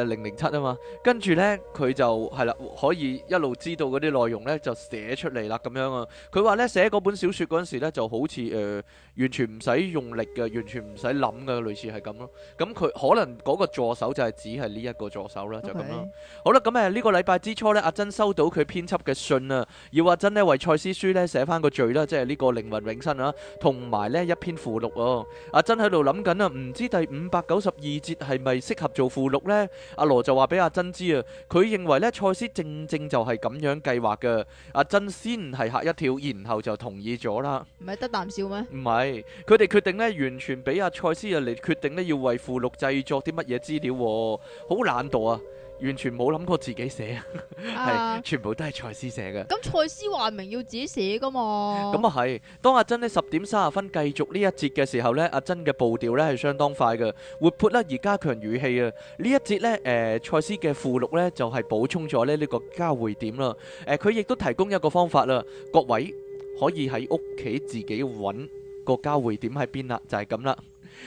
誒零零七啊、嗯、嘛，跟住咧佢就係啦、啊，可以一路知道嗰啲內容咧，就寫出嚟啦咁樣啊。佢話咧寫嗰本小說嗰陣時咧就好似誒完全唔使用力嘅，完全唔使諗嘅，類似係咁咯。咁佢可能嗰個助手就係只係呢一個助手啦，Okay. 就咁咯、啊。好啦，咁誒呢個禮拜之初咧，阿珍收到佢編輯嘅信啊，要阿珍呢為賽斯書咧寫翻。翻個罪啦，即係呢個靈魂永生啊，同埋呢一篇附錄哦。阿珍喺度諗緊啊，唔知第五百九十二節係咪適合做附錄呢？阿、啊、羅就話俾阿珍知啊，佢認為呢賽斯正正就係咁樣計劃嘅。阿、啊、珍先係吓一跳，然後就同意咗啦。唔係得啖笑咩？唔係，佢哋決定呢完全俾阿賽斯啊嚟決定呢要為附錄製作啲乜嘢資料，好懶惰啊！完全冇諗過自己寫，係全部都係蔡司寫嘅。咁蔡司話明要自己寫噶嘛？咁啊係。當阿珍咧十點三十分繼續呢一節嘅時候咧，阿珍嘅步調咧係相當快嘅，活潑啦而加強語氣啊。呢一節咧，誒蔡司嘅附錄咧就係補充咗咧呢個交匯點啦。誒，佢亦都提供一個方法啦，各位可以喺屋企自己搵個交匯點喺邊啦，就係咁啦。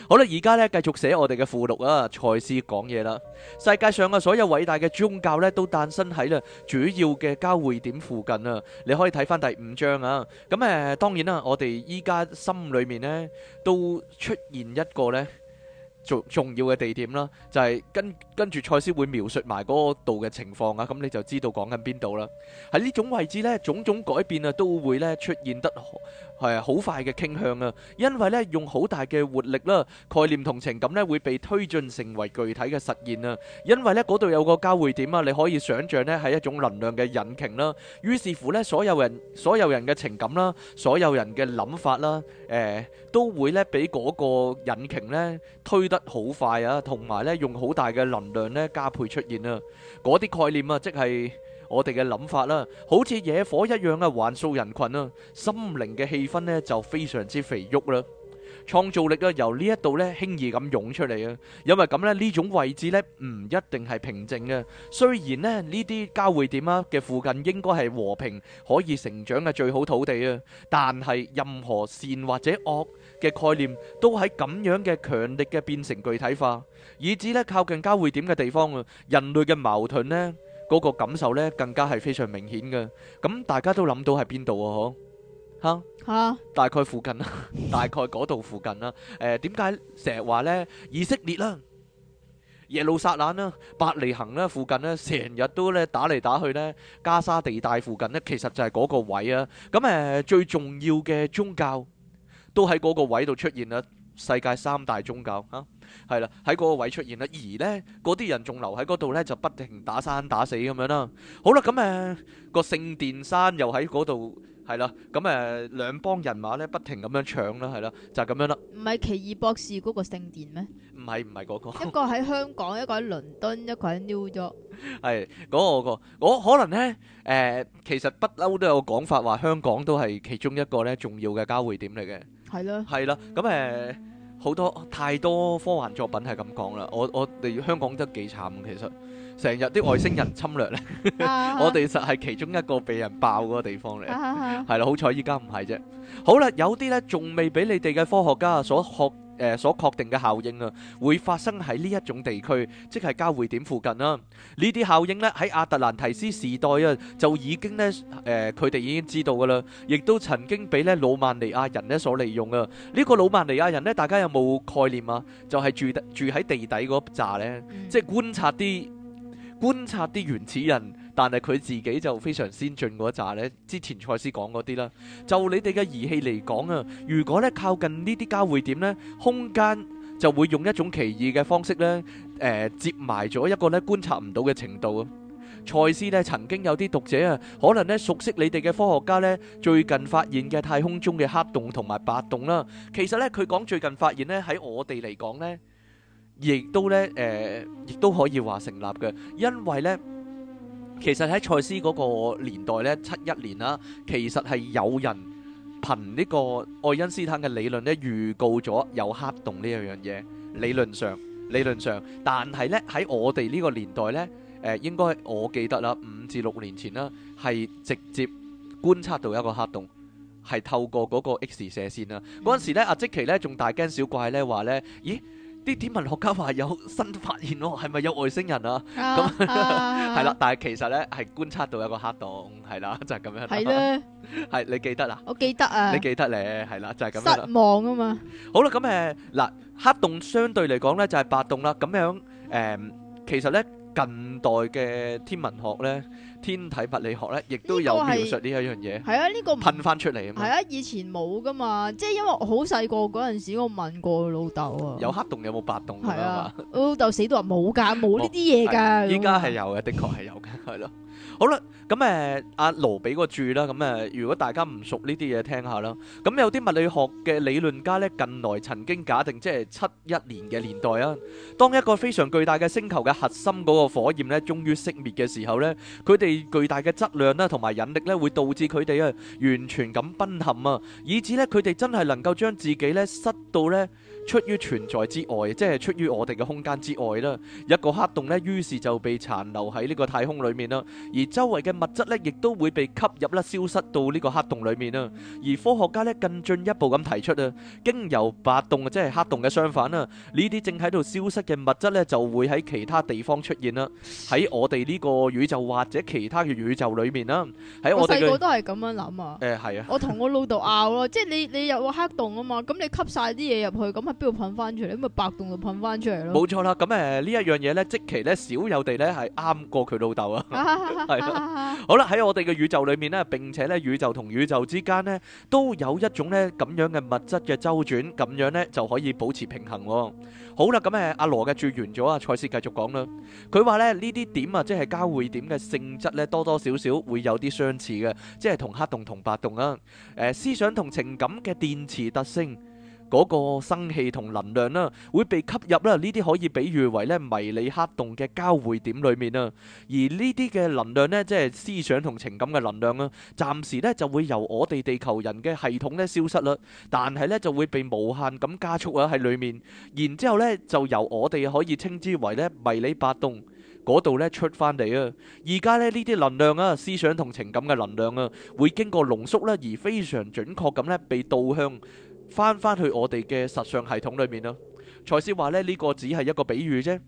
好啦，而家咧繼續寫我哋嘅附錄啊，賽斯講嘢啦。世界上嘅所有偉大嘅宗教咧，都誕生喺啦主要嘅交匯點附近啊。你可以睇返第五章啊。咁誒，當然啦，我哋依家心裏面呢，都出現一個呢重重要嘅地點啦，就係、是、跟跟住賽斯會描述埋嗰個度嘅情況啊。咁你就知道講緊邊度啦。喺呢種位置呢，種種改變啊，都會咧出現得。係啊，好快嘅傾向啊，因為咧用好大嘅活力啦，概念同情感咧會被推進成為具體嘅實現啊，因為咧嗰度有個交匯點啊，你可以想象咧係一種能量嘅引擎啦，於是乎咧所有人所有人嘅情感啦，所有人嘅諗法啦，誒都會咧俾嗰個引擎咧推得好快啊，同埋咧用好大嘅能量咧加倍出現啊，嗰啲概念啊，即係。我哋嘅諗法啦，好似野火一樣嘅幻數人群啦，心靈嘅氣氛呢就非常之肥沃啦，創造力啊由呢一度呢輕易咁湧出嚟，啊因為咁呢呢種位置呢唔一定係平靜嘅，雖然呢呢啲交匯點啊嘅附近應該係和平可以成長嘅最好土地啊，但係任何善或者惡嘅概念都喺咁樣嘅強力嘅變成具體化，以至呢靠近交匯點嘅地方啊，人類嘅矛盾呢，嗰個感受咧，更加係非常明顯嘅。咁大家都諗到係邊度啊？嗬吓吓，大概附近啦，大概嗰度附近啦。誒，點解成日話咧以色列啦、耶路撒冷啦、伯利恒啦，附近咧成日都咧打嚟打去咧，加沙地帶附近咧，其實就係嗰個位啊。咁誒，最重要嘅宗教都喺嗰個位度出現啦。世界三大宗教嚇，係啦喺嗰個位出現啦，而呢，嗰啲人仲留喺嗰度呢，就不停打生打死咁樣啦。好、啊、啦，咁、啊、誒、嗰個聖殿山又喺嗰度，係啦，咁、啊、誒、啊、兩幫人馬咧不停咁樣搶啦，係啦，就係、是、咁樣啦。唔係奇異博士嗰個聖殿咩？唔係唔係嗰個，一個喺香港，一個喺倫敦，一個喺 New York。係嗰個個，我、那個、可能呢。誒、呃，其實不嬲都有講法話香港都係其中一個咧重要嘅交匯點嚟嘅。係啦，係啦，咁誒，好多太多科幻作品係咁講啦。我我哋香港都幾慘，其實成日啲外星人侵略咧， 我哋實係其中一個被人爆嗰個地方嚟。係啦， 好彩依家唔係啫。好啦，有啲咧仲未俾你哋嘅科學家所學。誒、呃、所確定嘅效應啊，會發生喺呢一種地區，即係交匯點附近啦、啊。呢啲效應咧喺亞特蘭提斯時代啊，就已經咧誒，佢、呃、哋已經知道噶啦，亦都曾經俾咧魯曼尼亞人咧所利用啊。呢、這個魯曼尼亞人咧，大家有冇概念啊？就係、是、住住喺地底嗰紮咧，嗯、即係觀察啲觀察啲原始人。但係佢自己就非常先進嗰扎咧，之前賽斯講嗰啲啦。就你哋嘅儀器嚟講啊，如果咧靠近呢啲交匯點咧，空間就會用一種奇異嘅方式咧，誒，接埋咗一個咧觀察唔到嘅程度啊。賽斯咧曾經有啲讀者啊，可能咧熟悉你哋嘅科學家咧，最近發現嘅太空中嘅黑洞同埋白洞啦。其實咧佢講最近發現咧喺我哋嚟講咧，亦都咧誒亦都可以話成立嘅，因為咧。其實喺賽斯嗰個年代呢，七一年啦、啊，其實係有人憑呢個愛因斯坦嘅理論呢，預告咗有黑洞呢樣嘢。理論上，理論上，但係呢喺我哋呢個年代呢，誒、呃、應該我記得啦，五至六年前啦，係直接觀察到一個黑洞，係透過嗰個 X 射線啦、啊。嗰陣、mm hmm. 時咧，阿積奇呢仲大驚小怪呢話呢。咦？啲天文學家話有新發現喎、哦，係咪有外星人啊？咁係啦，但係其實咧係觀察到一個黑洞，係啦，就係、是、咁樣。係咧呢，係 你記得啦。我記得啊。你記得咧，係啦，就係、是、咁樣。失望啊嘛。好啦，咁誒嗱，黑洞相對嚟講咧就係白洞啦。咁樣誒、呃，其實咧。近代嘅天文學咧，天體物理學咧，亦都有描述呢一樣嘢。係啊，呢、呢個噴翻出嚟啊嘛，係啊，以前冇噶嘛，即係因為我好細個嗰陣時，我問過老豆啊。有黑洞有冇白洞㗎嘛？係啊，我 老豆死都話冇㗎，冇呢啲嘢㗎。應該係有嘅，的確係有嘅，係咯、 啊。好啦。咁誒，阿羅俾個注啦。咁誒，如果大家唔熟呢啲嘢，聽下啦。咁有啲物理學嘅理論家咧，近來曾經假定，即係七一年嘅年代啊。當一個非常巨大嘅星球嘅核心嗰個火焰咧，終於熄滅嘅時候咧，佢哋巨大嘅質量咧，同埋引力咧，會導致佢哋啊完全咁崩陷啊，以致咧佢哋真係能夠將自己咧塞到咧出於存在之外，即係出於我哋嘅空間之外啦。一個黑洞咧，於是就被殘留喺呢個太空裡面啦，而周圍嘅，物質咧，亦都會被吸入啦，消失到呢個黑洞裏面啦。而科學家咧更進一步咁提出啊，經由白洞啊，即係黑洞嘅相反啊，呢啲正喺度消失嘅物質咧，就會喺其他地方出現啦。喺我哋呢個宇宙或者其他嘅宇宙裏面啦。喺我細個都係咁樣諗啊。誒係、欸、啊。我同我老豆拗 咯，即係你你入個黑洞啊嘛，咁你吸晒啲嘢入去，咁喺邊度噴翻出嚟？咁咪白洞就噴翻出嚟咯。冇錯啦，咁誒呢一樣嘢咧，即期咧少有地咧係啱過佢老豆啊。係 好啦，喺我哋嘅宇宙裏面咧，並且咧宇宙同宇宙之間咧，都有一種咧咁樣嘅物質嘅周轉，咁樣咧就可以保持平衡。好啦，咁誒阿羅嘅注完咗啊，賽斯繼續講啦。佢話咧呢啲點啊，即係交匯點嘅性質咧，多多少少會有啲相似嘅，即係同黑洞同白洞啊，誒思想同情感嘅電磁特性。嗰個生氣同能量啦，會被吸入啦。呢啲可以比喻為咧迷你黑洞嘅交匯點裏面啊。而呢啲嘅能量咧，即係思想同情感嘅能量啊，暫時咧就會由我哋地球人嘅系統咧消失啦。但係咧就會被無限咁加速啊喺裏面，然之後咧就由我哋可以稱之為咧迷你白洞嗰度咧出翻嚟啊。而家咧呢啲能量啊，思想同情感嘅能量啊，會經過濃縮咧，而非常準確咁咧被導向。翻翻去我哋嘅實相系統裏面啦，賽斯話咧呢個只係一個比喻啫。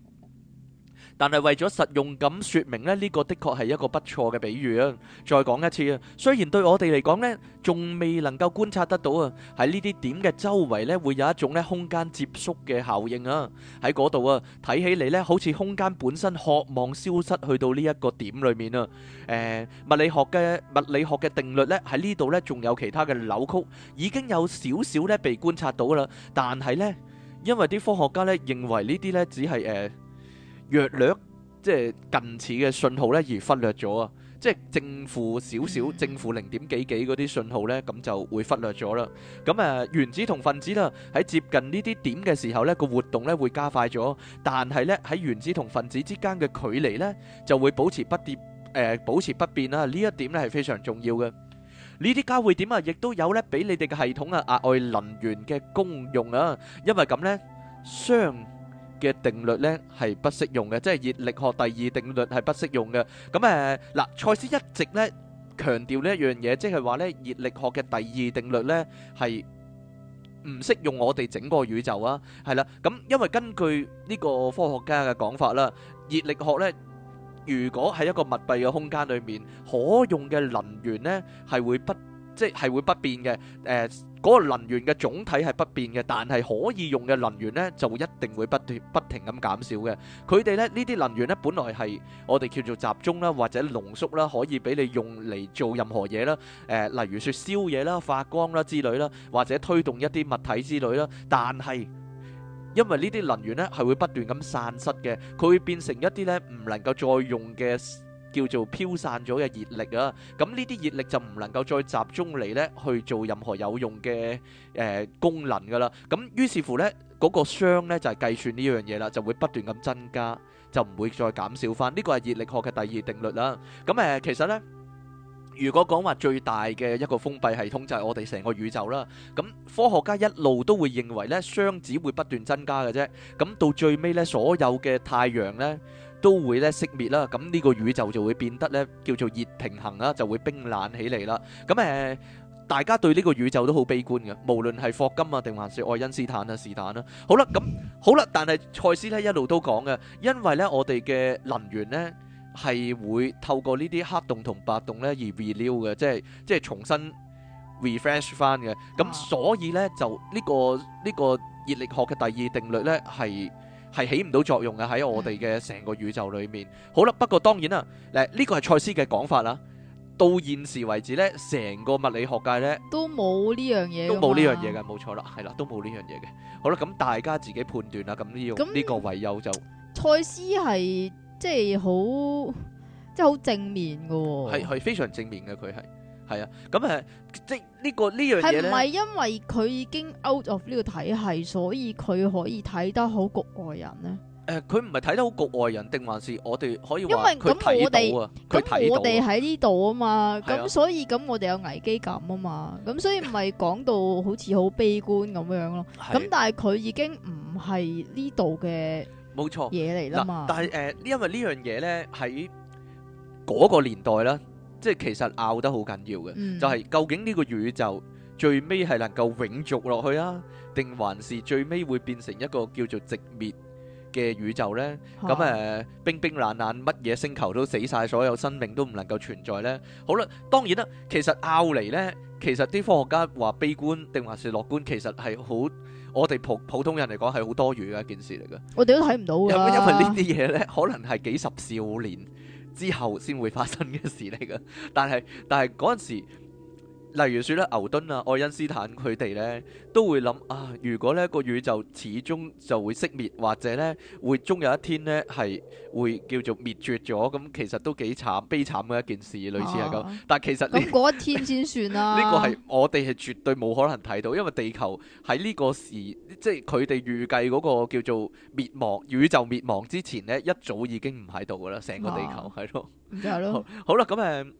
但係為咗實用咁說明咧，呢個的確係一個不錯嘅比喻啊！再講一次啊，雖然對我哋嚟講咧，仲未能夠觀察得到啊，喺呢啲點嘅周圍咧，會有一種咧空間折縮嘅效應啊！喺嗰度啊，睇起嚟咧，好似空間本身渴望消失去到呢一個點裏面啊！誒，物理學嘅物理學嘅定律咧，喺呢度咧仲有其他嘅扭曲，已經有少少咧被觀察到啦。但係咧，因為啲科學家咧認為呢啲咧只係誒。弱略即係近似嘅信號咧，而忽略咗啊！即係正負少少、正負零點幾幾嗰啲信號咧，咁就會忽略咗啦。咁誒原子同分子啦，喺接近呢啲點嘅時候咧，個活動咧會加快咗。但係咧喺原子同分子之間嘅距離咧，就會保持不變誒，保持不變啦。呢一點咧係非常重要嘅。呢啲交匯點啊，亦都有咧俾你哋嘅系統啊，額外能源嘅功用啊。因為咁咧，相。嘅定律呢係不適用嘅，即係熱力學第二定律係不適用嘅。咁誒嗱，賽斯一直呢強調呢一樣嘢，即係話呢熱力學嘅第二定律呢係唔適用我哋整個宇宙啊。係啦，咁因為根據呢個科學家嘅講法啦，熱力學呢如果喺一個密閉嘅空間裏面，可用嘅能源呢係會不。即係會不變嘅，誒嗰個能源嘅總體係不變嘅，但係可以用嘅能源呢就會一定會不斷不停咁減少嘅。佢哋呢呢啲能源呢本來係我哋叫做集中啦或者濃縮啦，可以俾你用嚟做任何嘢啦，誒例如説燒嘢啦、發光啦之類啦，或者推動一啲物體之類啦。但係因為呢啲能源呢係會不斷咁散失嘅，佢會變成一啲呢唔能夠再用嘅。叫做飄散咗嘅熱力啊，咁呢啲熱力就唔能夠再集中嚟咧去做任何有用嘅誒功能噶啦，咁於是乎咧嗰個熵咧就係計算呢樣嘢啦，就會不斷咁增加，就唔會再減少翻。呢個係熱力學嘅第二定律啦。咁誒，其實咧，如果講話最大嘅一個封閉系統就係我哋成個宇宙啦，咁科學家一路都會認為咧熵只會不斷增加嘅啫。咁到最尾咧，所有嘅太陽咧。都會咧熄滅啦，咁呢個宇宙就會變得咧叫做熱平衡啦，就會冰冷起嚟啦。咁誒，大家對呢個宇宙都好悲觀嘅，無論係霍金啊定還是愛因斯坦啊是但啦。好啦，咁好啦，但係賽斯咧一路都講嘅，因為咧我哋嘅能源咧係會透過呢啲黑洞同白洞咧而 renew 嘅，即係即係重新 refresh 翻嘅。咁所以咧就呢個呢個熱力學嘅第二定律咧係。係起唔到作用嘅，喺我哋嘅成個宇宙裏面，好啦。不過當然啦，誒呢個係賽斯嘅講法啦。到現時為止咧，成個物理學界咧都冇呢樣嘢，都冇呢樣嘢嘅，冇錯啦，係啦，都冇呢樣嘢嘅。好啦，咁大家自己判斷啦。咁呢呢個唯那有就賽斯係即係好即係好正面嘅喎、哦，係係非常正面嘅佢係。係啊，咁誒，即呢個呢樣嘢咧，係唔係因為佢已經 out of 呢個體系，所以佢可以睇得好局外人咧？誒、呃，佢唔係睇得好局外人，定還是我哋可以話佢睇到啊？佢我哋喺呢度啊嘛，咁所以咁我哋有危機感啊嘛，咁所以唔係講到好似好悲觀咁樣咯。咁但係佢已經唔係呢度嘅冇錯嘢嚟啦嘛。但係誒，因為呢樣嘢咧喺嗰個年代啦。即係其實拗得好緊要嘅，嗯、就係究竟呢個宇宙最尾係能夠永續落去啊，定還是最尾會變成一個叫做寂滅嘅宇宙呢？咁誒、啊嗯呃，冰冰冷冷乜嘢星球都死晒，所有生命都唔能夠存在呢？好啦，當然啦，其實拗嚟呢，其實啲科學家話悲觀定還是樂觀，其實係好我哋普普通人嚟講係好多餘嘅一件事嚟嘅。我哋都睇唔到㗎、啊。因為呢啲嘢呢，可能係幾十兆年，之後先會發生嘅事嚟噶，但係但係嗰陣時例如説咧牛頓啊，愛因斯坦佢哋咧都會諗啊，如果咧個宇宙始終就會熄滅，或者咧會終有一天咧係會叫做滅絕咗，咁其實都幾慘，悲慘嘅一件事，類似係咁。啊、但其實咁嗰一天先算啦、啊。呢 個係我哋係絕對冇可能睇到，因為地球喺呢個時，即係佢哋預計嗰個叫做滅亡，宇宙滅亡之前咧，一早已經唔喺度噶啦，成個地球係咯。咁係咯。好啦，咁誒。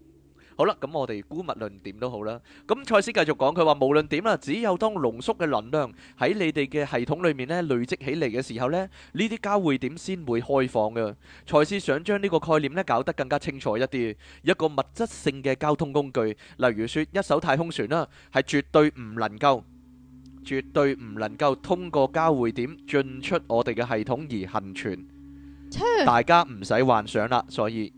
好啦，咁我哋姑勿論點都好啦。咁賽斯繼續講，佢話，無論點啦，只有當濃縮嘅能量喺你哋嘅系統裏面咧累積起嚟嘅時候咧，呢啲交匯點先會開放噶。賽斯想將呢個概念咧搞得更加清楚一啲。一個物質性嘅交通工具，例如說一艘太空船啦，係絕對唔能夠，絕對唔能夠通過交匯點進出我哋嘅系統而幸存。大家唔使幻想啦，所以。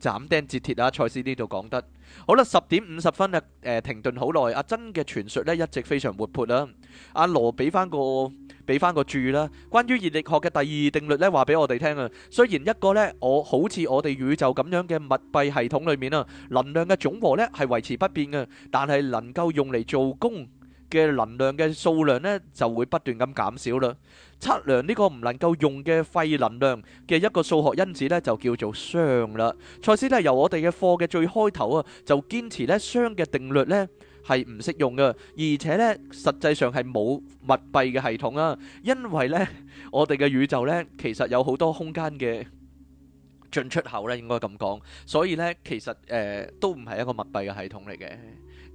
斬釘截鐵啊！賽斯呢度講得好啦，十點五十分啊，誒停頓好耐。阿珍嘅傳說咧一直非常活潑啦。阿羅俾翻個俾翻個注啦。關於熱力學嘅第二定律咧，話俾我哋聽啊。雖然一個咧我好似我哋宇宙咁樣嘅密閉系統裏面啊，能量嘅總和咧係維持不變嘅，但係能夠用嚟做功。嘅能量嘅數量咧，就會不斷咁減少啦。測量呢個唔能夠用嘅廢能量嘅一個數學因子咧，就叫做熵啦。賽斯咧由我哋嘅課嘅最開頭啊，就堅持咧熵嘅定律咧係唔適用嘅，而且咧實際上係冇密閉嘅系統啊，因為咧我哋嘅宇宙咧其實有好多空間嘅進出口咧，應該咁講，所以咧其實誒都唔係一個密閉嘅系統嚟嘅。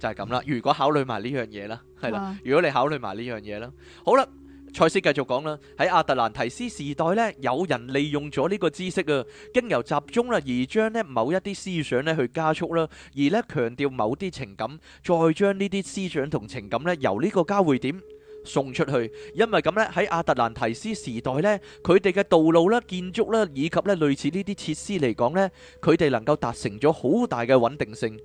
就係咁啦，如果考慮埋呢樣嘢啦，係啦，如果你考慮埋呢樣嘢啦，好啦，賽斯繼續講啦，喺亞特蘭提斯時代呢，有人利用咗呢個知識啊，經由集中啦，而將呢某一啲思想呢去加速啦，而呢強調某啲情感，再將呢啲思想同情感呢由呢個交匯點送出去，因為咁呢喺亞特蘭提斯時代呢，佢哋嘅道路啦、建築啦以及呢類似呢啲設施嚟講呢，佢哋能夠達成咗好大嘅穩定性。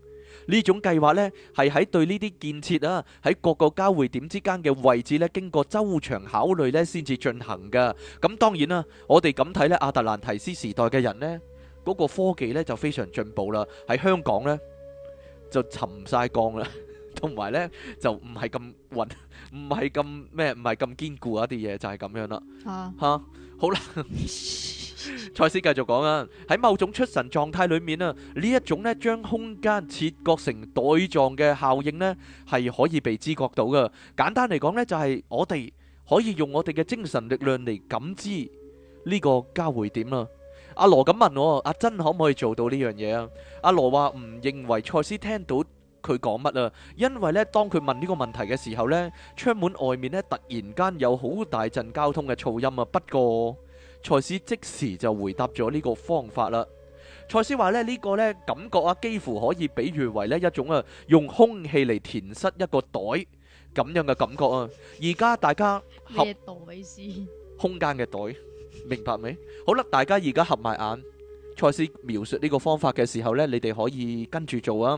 呢種計劃咧，係喺對呢啲建設啊，喺各個交匯點之間嘅位置咧，經過周長考慮咧，先至進行㗎。咁當然啦，我哋咁睇咧，亞特蘭提斯時代嘅人咧，嗰個科技咧就非常進步啦。喺香港咧就沉曬缸啦，同埋咧就唔係咁穩。唔係咁咩？唔係咁堅固啊！啲嘢就係咁樣啦。吓，好啦，蔡司繼續講啊。喺某種出神狀態裏面啊，呢一種咧將空間切割成袋狀嘅效應咧，係可以被知覺到噶。簡單嚟講咧，就係我哋可以用我哋嘅精神力量嚟感知呢個交匯點啦。阿羅咁問我，阿珍可唔可以做到呢樣嘢？啊？阿羅話唔認為蔡司聽到。佢講乜啊？因為呢，當佢問呢個問題嘅時候呢，窗門外面呢突然間有好大陣交通嘅噪音啊。不過賽斯即時就回答咗呢個方法啦。賽斯話呢，呢個呢感覺啊，幾乎可以比喻為呢一種啊用空氣嚟填塞一個袋咁樣嘅感覺啊。而家大家咩袋先，空間嘅袋，明白未？好啦，大家而家合埋眼。賽斯描述呢個方法嘅時候呢，你哋可以跟住做啊。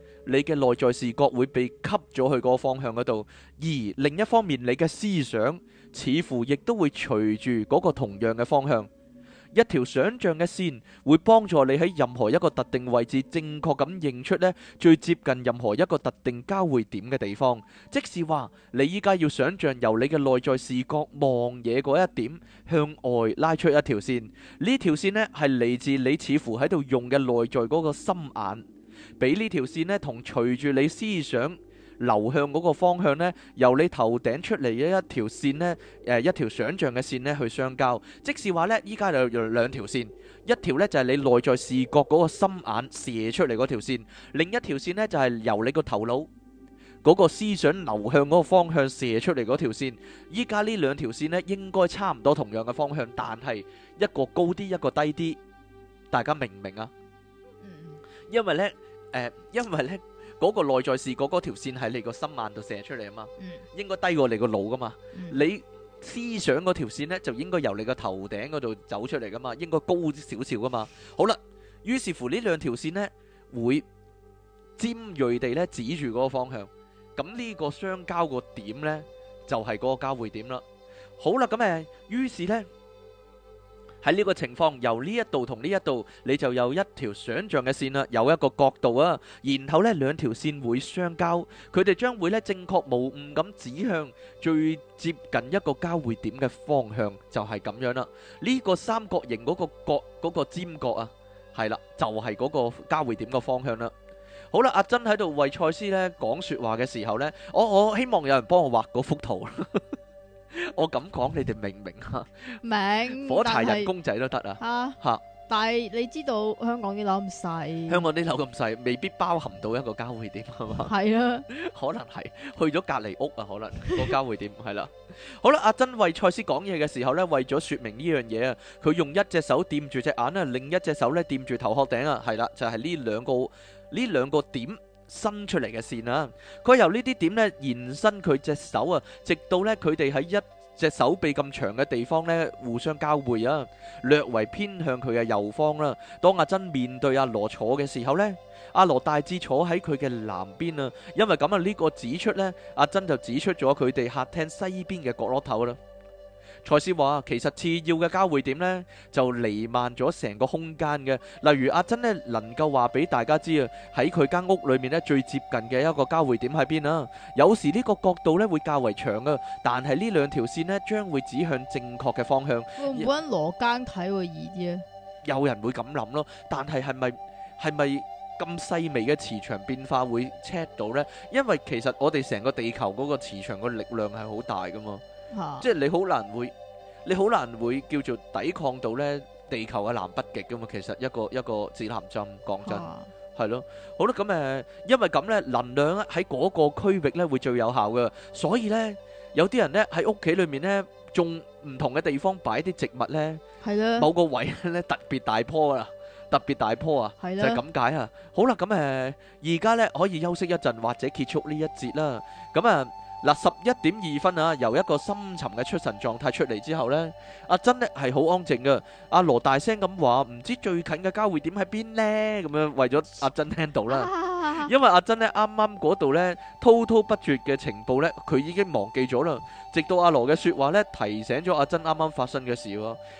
你嘅內在視覺會被吸咗去嗰個方向嗰度，而另一方面，你嘅思想似乎亦都會隨住嗰個同樣嘅方向，一條想象嘅線會幫助你喺任何一個特定位置，正確咁認出呢最接近任何一個特定交匯點嘅地方。即是話，你依家要想象由你嘅內在視覺望嘢嗰一點向外拉出一條線，呢條線呢係嚟自你似乎喺度用嘅內在嗰個心眼。俾呢條線呢，同隨住你思想流向嗰個方向呢，由你頭頂出嚟嘅一條線呢，誒、呃，一條想象嘅線呢去相交。即是話呢，依家就用兩條線，一條呢，就係、是、你內在視覺嗰個心眼射出嚟嗰條線，另一條線呢，就係、是、由你個頭腦嗰個思想流向嗰個方向射出嚟嗰條線。依家呢兩條線呢，應該差唔多同樣嘅方向，但係一個高啲，一個低啲。大家明唔明啊？嗯、因為呢。因為呢，嗰、嗰個內在視覺嗰條線喺你個心眼度射出嚟啊嘛，應該低過你個腦噶嘛。 你思想嗰條線呢，就應該由你個頭頂嗰度走出嚟噶嘛，應該高少少噶嘛。好啦，於是乎呢兩條線呢，會尖銳地咧指住嗰個方向，咁呢個相交個點呢，就係、是、嗰個交匯點啦。好啦，咁誒，於是呢。喺呢個情況，由呢一度同呢一度，你就有一條想像嘅線啦，有一個角度啊，然後呢兩條線會相交，佢哋將會呢正確無誤咁指向最接近一個交匯點嘅方向，就係、是、咁樣啦。呢、這個三角形嗰個角嗰、那個、尖角啊，係啦，就係、是、嗰個交匯點嘅方向啦。好啦，阿珍喺度為賽斯呢講說話嘅時候呢，我我希望有人幫我畫嗰幅圖。 我咁講，你哋明唔明啊？明，火柴人公仔都得啊！吓，但係你知道香港啲樓咁細，香港啲樓咁細，未必包含到一個交匯點，係嘛？係啊，可能係去咗隔籬屋啊，可能個交匯點係啦。好啦，阿珍為賽斯講嘢嘅時候咧，為咗說明呢樣嘢啊，佢用一隻手掂住隻眼咧，另一隻手咧掂住頭殼頂啊，係啦，就係呢兩個呢兩個點。伸出嚟嘅線啊，佢由呢啲點呢延伸佢隻手啊，直到呢佢哋喺一隻手臂咁長嘅地方呢互相交匯啊，略為偏向佢嘅右方啦。當阿珍面對阿羅坐嘅時候呢，阿羅大致坐喺佢嘅南邊啊，因為咁啊，呢個指出呢，阿珍就指出咗佢哋客廳西邊嘅角落頭啦。賽斯話其實次要嘅交匯點呢，就瀰漫咗成個空間嘅。例如阿珍呢，能夠話俾大家知啊，喺佢間屋裏面呢，最接近嘅一個交匯點喺邊啊。有時呢個角度呢會較為長嘅，但係呢兩條線呢，將會指向正確嘅方向。唔好喺羅間睇，也會易啲啊！有人會咁諗咯，但係係咪係咪咁細微嘅磁場變化會 check 到呢？因為其實我哋成個地球嗰個磁場個力量係好大噶嘛。即係你好難會，你好難會叫做抵抗到咧地球嘅南北極噶嘛？其實一個一個指南針，講真係咯、啊。好啦，咁、嗯、誒，因為咁咧能量咧喺嗰個區域咧會最有效噶，所以呢，有啲人呢喺屋企裏面呢，種唔同嘅地方擺啲植物呢，係啦，某個位呢特別大棵啦，特別大棵啊，係啦，是的 就咁解啊。好啦，咁、嗯、誒，而、嗯、家呢，可以休息一陣或者結束呢一節啦。咁、嗯、啊。嗯嗱，十一點二分啊，由一個深沉嘅出神狀態出嚟之後咧，阿珍咧係好安靜嘅。阿羅大聲咁話，唔知最近嘅交匯點喺邊咧？咁樣為咗阿珍聽到啦。因為阿珍呢啱啱度咧滔滔不絕嘅情報咧，佢已經忘記咗啦。直到阿羅嘅說話咧提醒咗阿珍啱啱發生嘅事。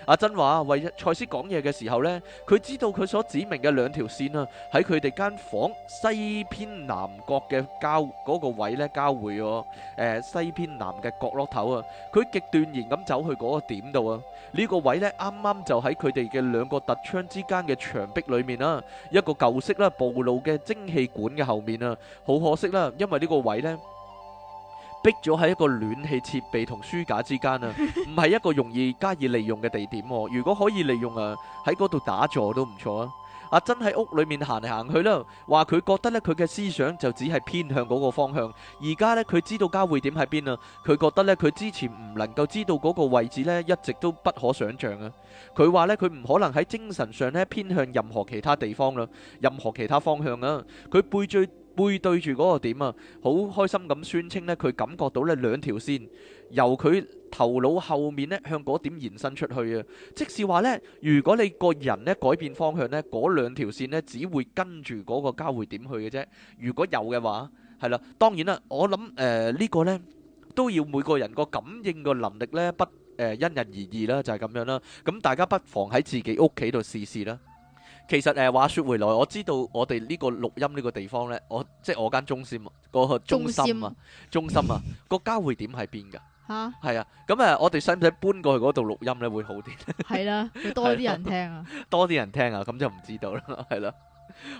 阿珍話：，為賽斯講嘢嘅時候咧，佢知道佢所指明嘅兩條線啊，喺佢哋間房西偏南角嘅交，嗰個位咧交匯。誒、呃，西偏南嘅角落頭啊，佢極斷然咁走去個點度啊。呢、呢個位咧啱啱就喺佢哋嘅兩個凸窗之間嘅牆壁裏面啦，一個舊式啦暴露嘅蒸汽管嘅後面啊，好可惜啦，因為呢個位呢，逼咗喺一個暖氣設備同書架之間啊，唔係一個容易加以利用嘅地點。如果可以利用啊，喺嗰度打坐都唔錯啊。阿珍喺屋裏面行嚟行去啦，話佢覺得咧，佢嘅思想就只係偏向嗰個方向。而家咧，佢知道交匯點喺邊啦。佢覺得咧，佢之前唔能夠知道嗰個位置咧，一直都不可想象啊。佢話咧，佢唔可能喺精神上咧偏向任何其他地方啦，任何其他方向啊。佢背罪。背對住嗰個點啊，好開心咁宣稱呢，佢感覺到呢兩條線由佢頭腦後面呢向嗰點延伸出去啊！即是話呢，如果你個人呢改變方向呢，嗰兩條線呢只會跟住嗰個交匯點去嘅啫。如果有嘅話，係啦，當然啦，我諗誒呢個呢都要每個人個感應個能力呢不誒因人而異啦，就係咁樣啦。咁大家不妨喺自己屋企度試試啦。其實誒，話說回來，我知道我哋呢個錄音呢個地方咧，我即係我間中心個中心啊，中心啊，個交匯點喺邊噶？吓，係啊。咁誒，我哋使唔使搬過去嗰度錄音咧，會好啲？係啦，多啲人聽啊，多啲人聽啊，咁就唔知道啦，係咯。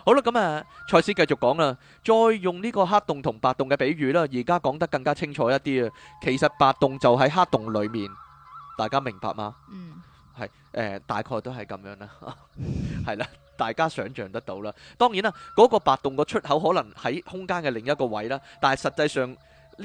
好啦，咁啊，賽斯繼續講啦，再用呢個黑洞同白洞嘅比喻啦，而家講得更加清楚一啲啊。其實白洞就喺黑洞裏面，大家明白嗎？嗯。誒、呃、大概都係咁樣啦，係啦，大家想象得到啦。當然啦，嗰、那個白洞個出口可能喺空間嘅另一個位啦，但係實際上呢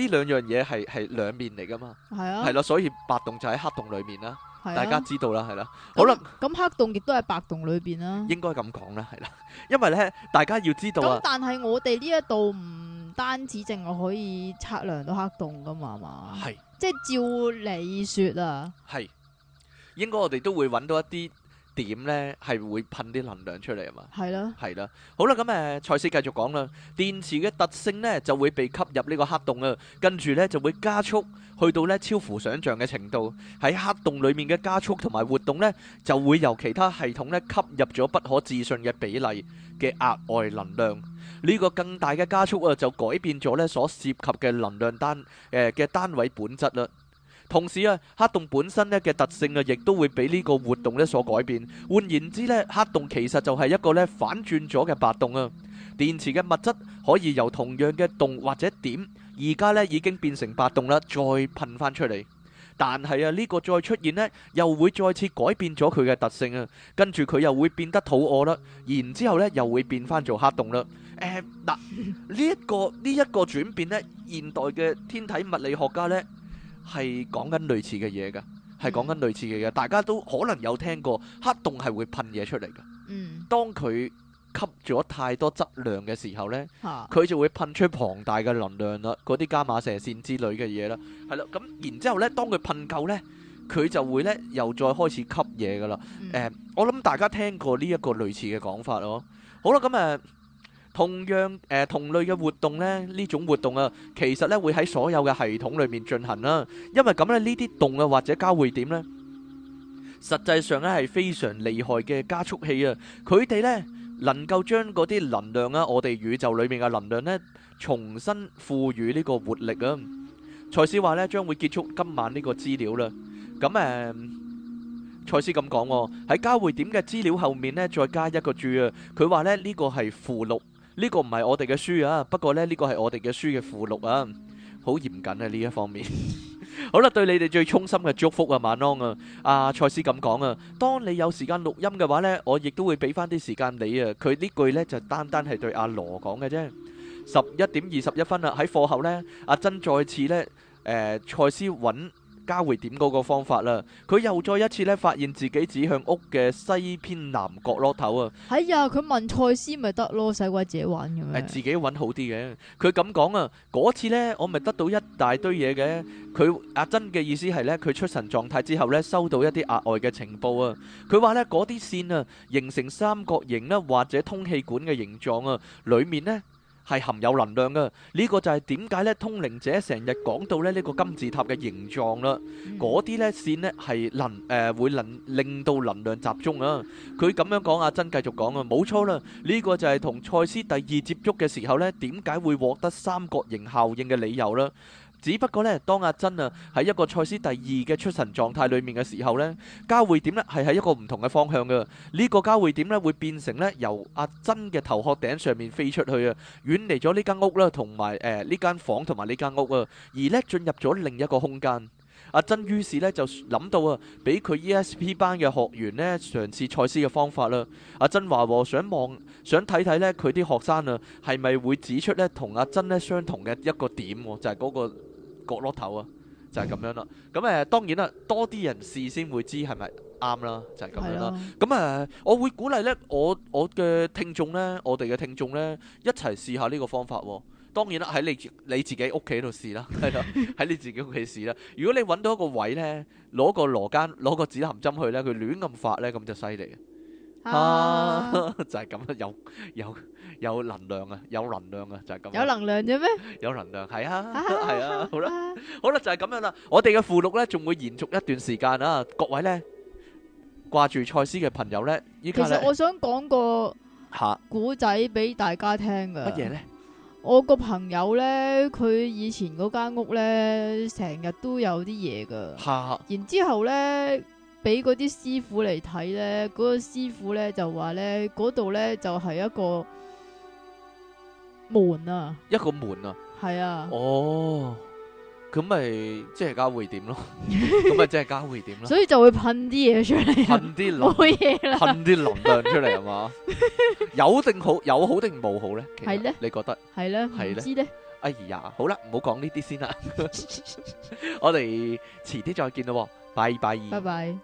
兩樣嘢係係兩面嚟噶嘛，係對啊，係咯，所以白洞就喺黑洞裏面啦，是啊、大家知道啦，係啦那，好啦能，咁黑洞亦都係白洞裏邊啦，應該咁講啦，係啦，因為咧，大家要知道、啊、但係我哋呢一度唔單止淨係可以測量到黑洞噶嘛，係嘛的，係，即係照理説啊，係。應該我哋都會揾到一啲點呢，係會噴啲能量出嚟啊嘛！係啦的，係啦。好啦，咁誒，賽斯繼續講啦。電磁嘅特性呢，就會被吸入呢個黑洞啊，跟住呢，就會加速去到呢超乎想象嘅程度。喺黑洞裡面嘅加速同埋活動呢，就會由其他系統呢吸入咗不可置信嘅比例嘅額外能量。呢、這個更大嘅加速啊就改變咗呢所涉及嘅能量單誒嘅、呃、單位本質啦。同時啊，黑洞本身咧嘅特性啊，亦都會俾呢個活動咧所改變。換言之咧，黑洞其實就係一個咧反轉咗嘅白洞啊。電池嘅物質可以由同樣嘅洞或者點，而家咧已經變成白洞啦，再噴翻出嚟。但係啊，呢個再出現咧，又會再次改變咗佢嘅特性啊。跟住佢又會變得肚餓啦，然之後咧又會變翻做黑洞啦。呢一、 嗯這個呢一、這個轉變咧，現代嘅天體物理學家咧。係講緊類似嘅嘢噶係講緊類似嘅嘢，大家都可能有聽過黑洞係會噴嘢出嚟噶。嗯，當佢吸咗太多質量嘅時候呢，佢就會噴出龐大嘅能量啦，嗰啲伽馬射線之類嘅嘢啦，係咯。咁然之後呢，當佢噴夠呢，佢就會呢，又再開始吸嘢噶啦。誒、嗯，呃，我諗大家聽過呢一個類似嘅講法咯。好啦，咁誒。呃同樣誒同類嘅活動咧，呢種活動啊，其實咧會喺所有嘅系統裏面進行啦。因為咁咧，呢啲洞啊或者交匯點咧，實際上咧係非常厲害嘅加速器啊！佢哋咧能夠將嗰啲能量啊，我哋宇宙裏面嘅能量咧，重新賦予呢個活力啊！賽斯話咧將會結束今晚呢個資料啦。咁誒，賽斯咁講喎，喺交匯點嘅資料後面咧再加一個注啊！佢話咧呢個係附錄。呢個唔係我哋嘅書啊，不過咧呢個係我哋嘅書嘅附錄啊，好嚴謹啊呢一方面。好啦，對你哋最衷心嘅祝福啊，晚安啊，阿賽斯咁講啊，當你有時間錄音嘅話咧，我亦都會俾翻啲時間你啊。佢呢句咧就單單係對阿羅講嘅啫。十一點二十一分啦，喺課後咧，阿珍再次咧，誒，賽斯揾。交匯點嗰個方法啦，佢又再一次咧發現自己指向屋嘅西偏南角落頭啊！係啊，佢問賽斯咪得咯，使鬼自己玩咁樣？誒，自己搵好啲嘅。佢咁講啊，嗰次咧我咪得到一大堆嘢嘅。佢阿珍嘅意思係咧，佢出神狀態之後咧，收到一啲額外嘅情報啊。佢話咧嗰啲線啊，形成三角形啦，或者通氣管嘅形狀啊，裏面咧。係含有能量嘅，呢、呢個就係點解咧，通靈者成日講到咧呢個金字塔嘅形狀啦，嗰啲咧線咧係能誒、呃、會能令到能量集中啊！佢咁樣講，阿珍繼續講啊，冇錯啦，呢個就係同賽斯第二接觸嘅時候呢，點解會獲得三角形效應嘅理由啦。只不過呢，當阿珍啊喺一個賽斯第二嘅出神狀態裏面嘅時候呢，交匯點呢係喺一個唔同嘅方向噶。呢、這個交匯點呢會變成呢，由阿珍嘅頭殼頂上面飛出去啊，遠離咗呢間屋啦，同埋誒呢間房同埋呢間屋啊，而呢進入咗另一個空間。阿珍於是呢就諗到啊，俾佢 E.S.P 班嘅學員呢，嘗試賽斯嘅方法啦。阿珍話：想望，想睇睇呢佢啲學生啊係咪會指出呢同阿珍呢相同嘅一個點，就係、是、嗰、那個。角落頭啊，就係、是、咁樣啦。咁誒、呃、當然啦，多啲人試先會知係咪啱啦，就係、是、咁樣啦。咁誒的、呃，我會鼓勵呢，我我嘅聽眾呢，我哋嘅聽眾呢，一齊試一下呢個方法、哦。當然啦，喺你你自己屋企度試啦，係啦，喺你自己屋企試啦。 如果你揾到一個位呢，攞個羅庚，攞個指南針去呢，佢亂咁發呢，咁就犀利。啊！就係咁啊，有有有能量啊，有能量啊，就係咁。有能量啫咩？有能量係啊，係啊，好啦，好啦，就係咁樣啦。我哋嘅附錄咧，仲會延續一段時間啊。各位咧，掛住賽斯嘅朋友咧，依家。其實我想講個吓古仔俾大家聽噶。乜嘢咧？我個朋友咧，佢以前嗰間屋咧，成日都有啲嘢噶。吓。然之後咧。俾嗰啲師傅嚟睇咧，嗰個師傅咧就話咧，嗰度咧就係一個門啊，一個門啊，係啊，哦，咁咪即係交匯點咯，咁咪即係交匯點咯，所以就會噴啲嘢出嚟，噴啲冇嘢啦，噴啲能量出嚟係嘛，有定好有好定冇好咧，其實咧，你覺得係咧，係咧，哎呀，好啦，唔好講呢啲先啦，我哋遲啲再見啦，拜拜，拜拜。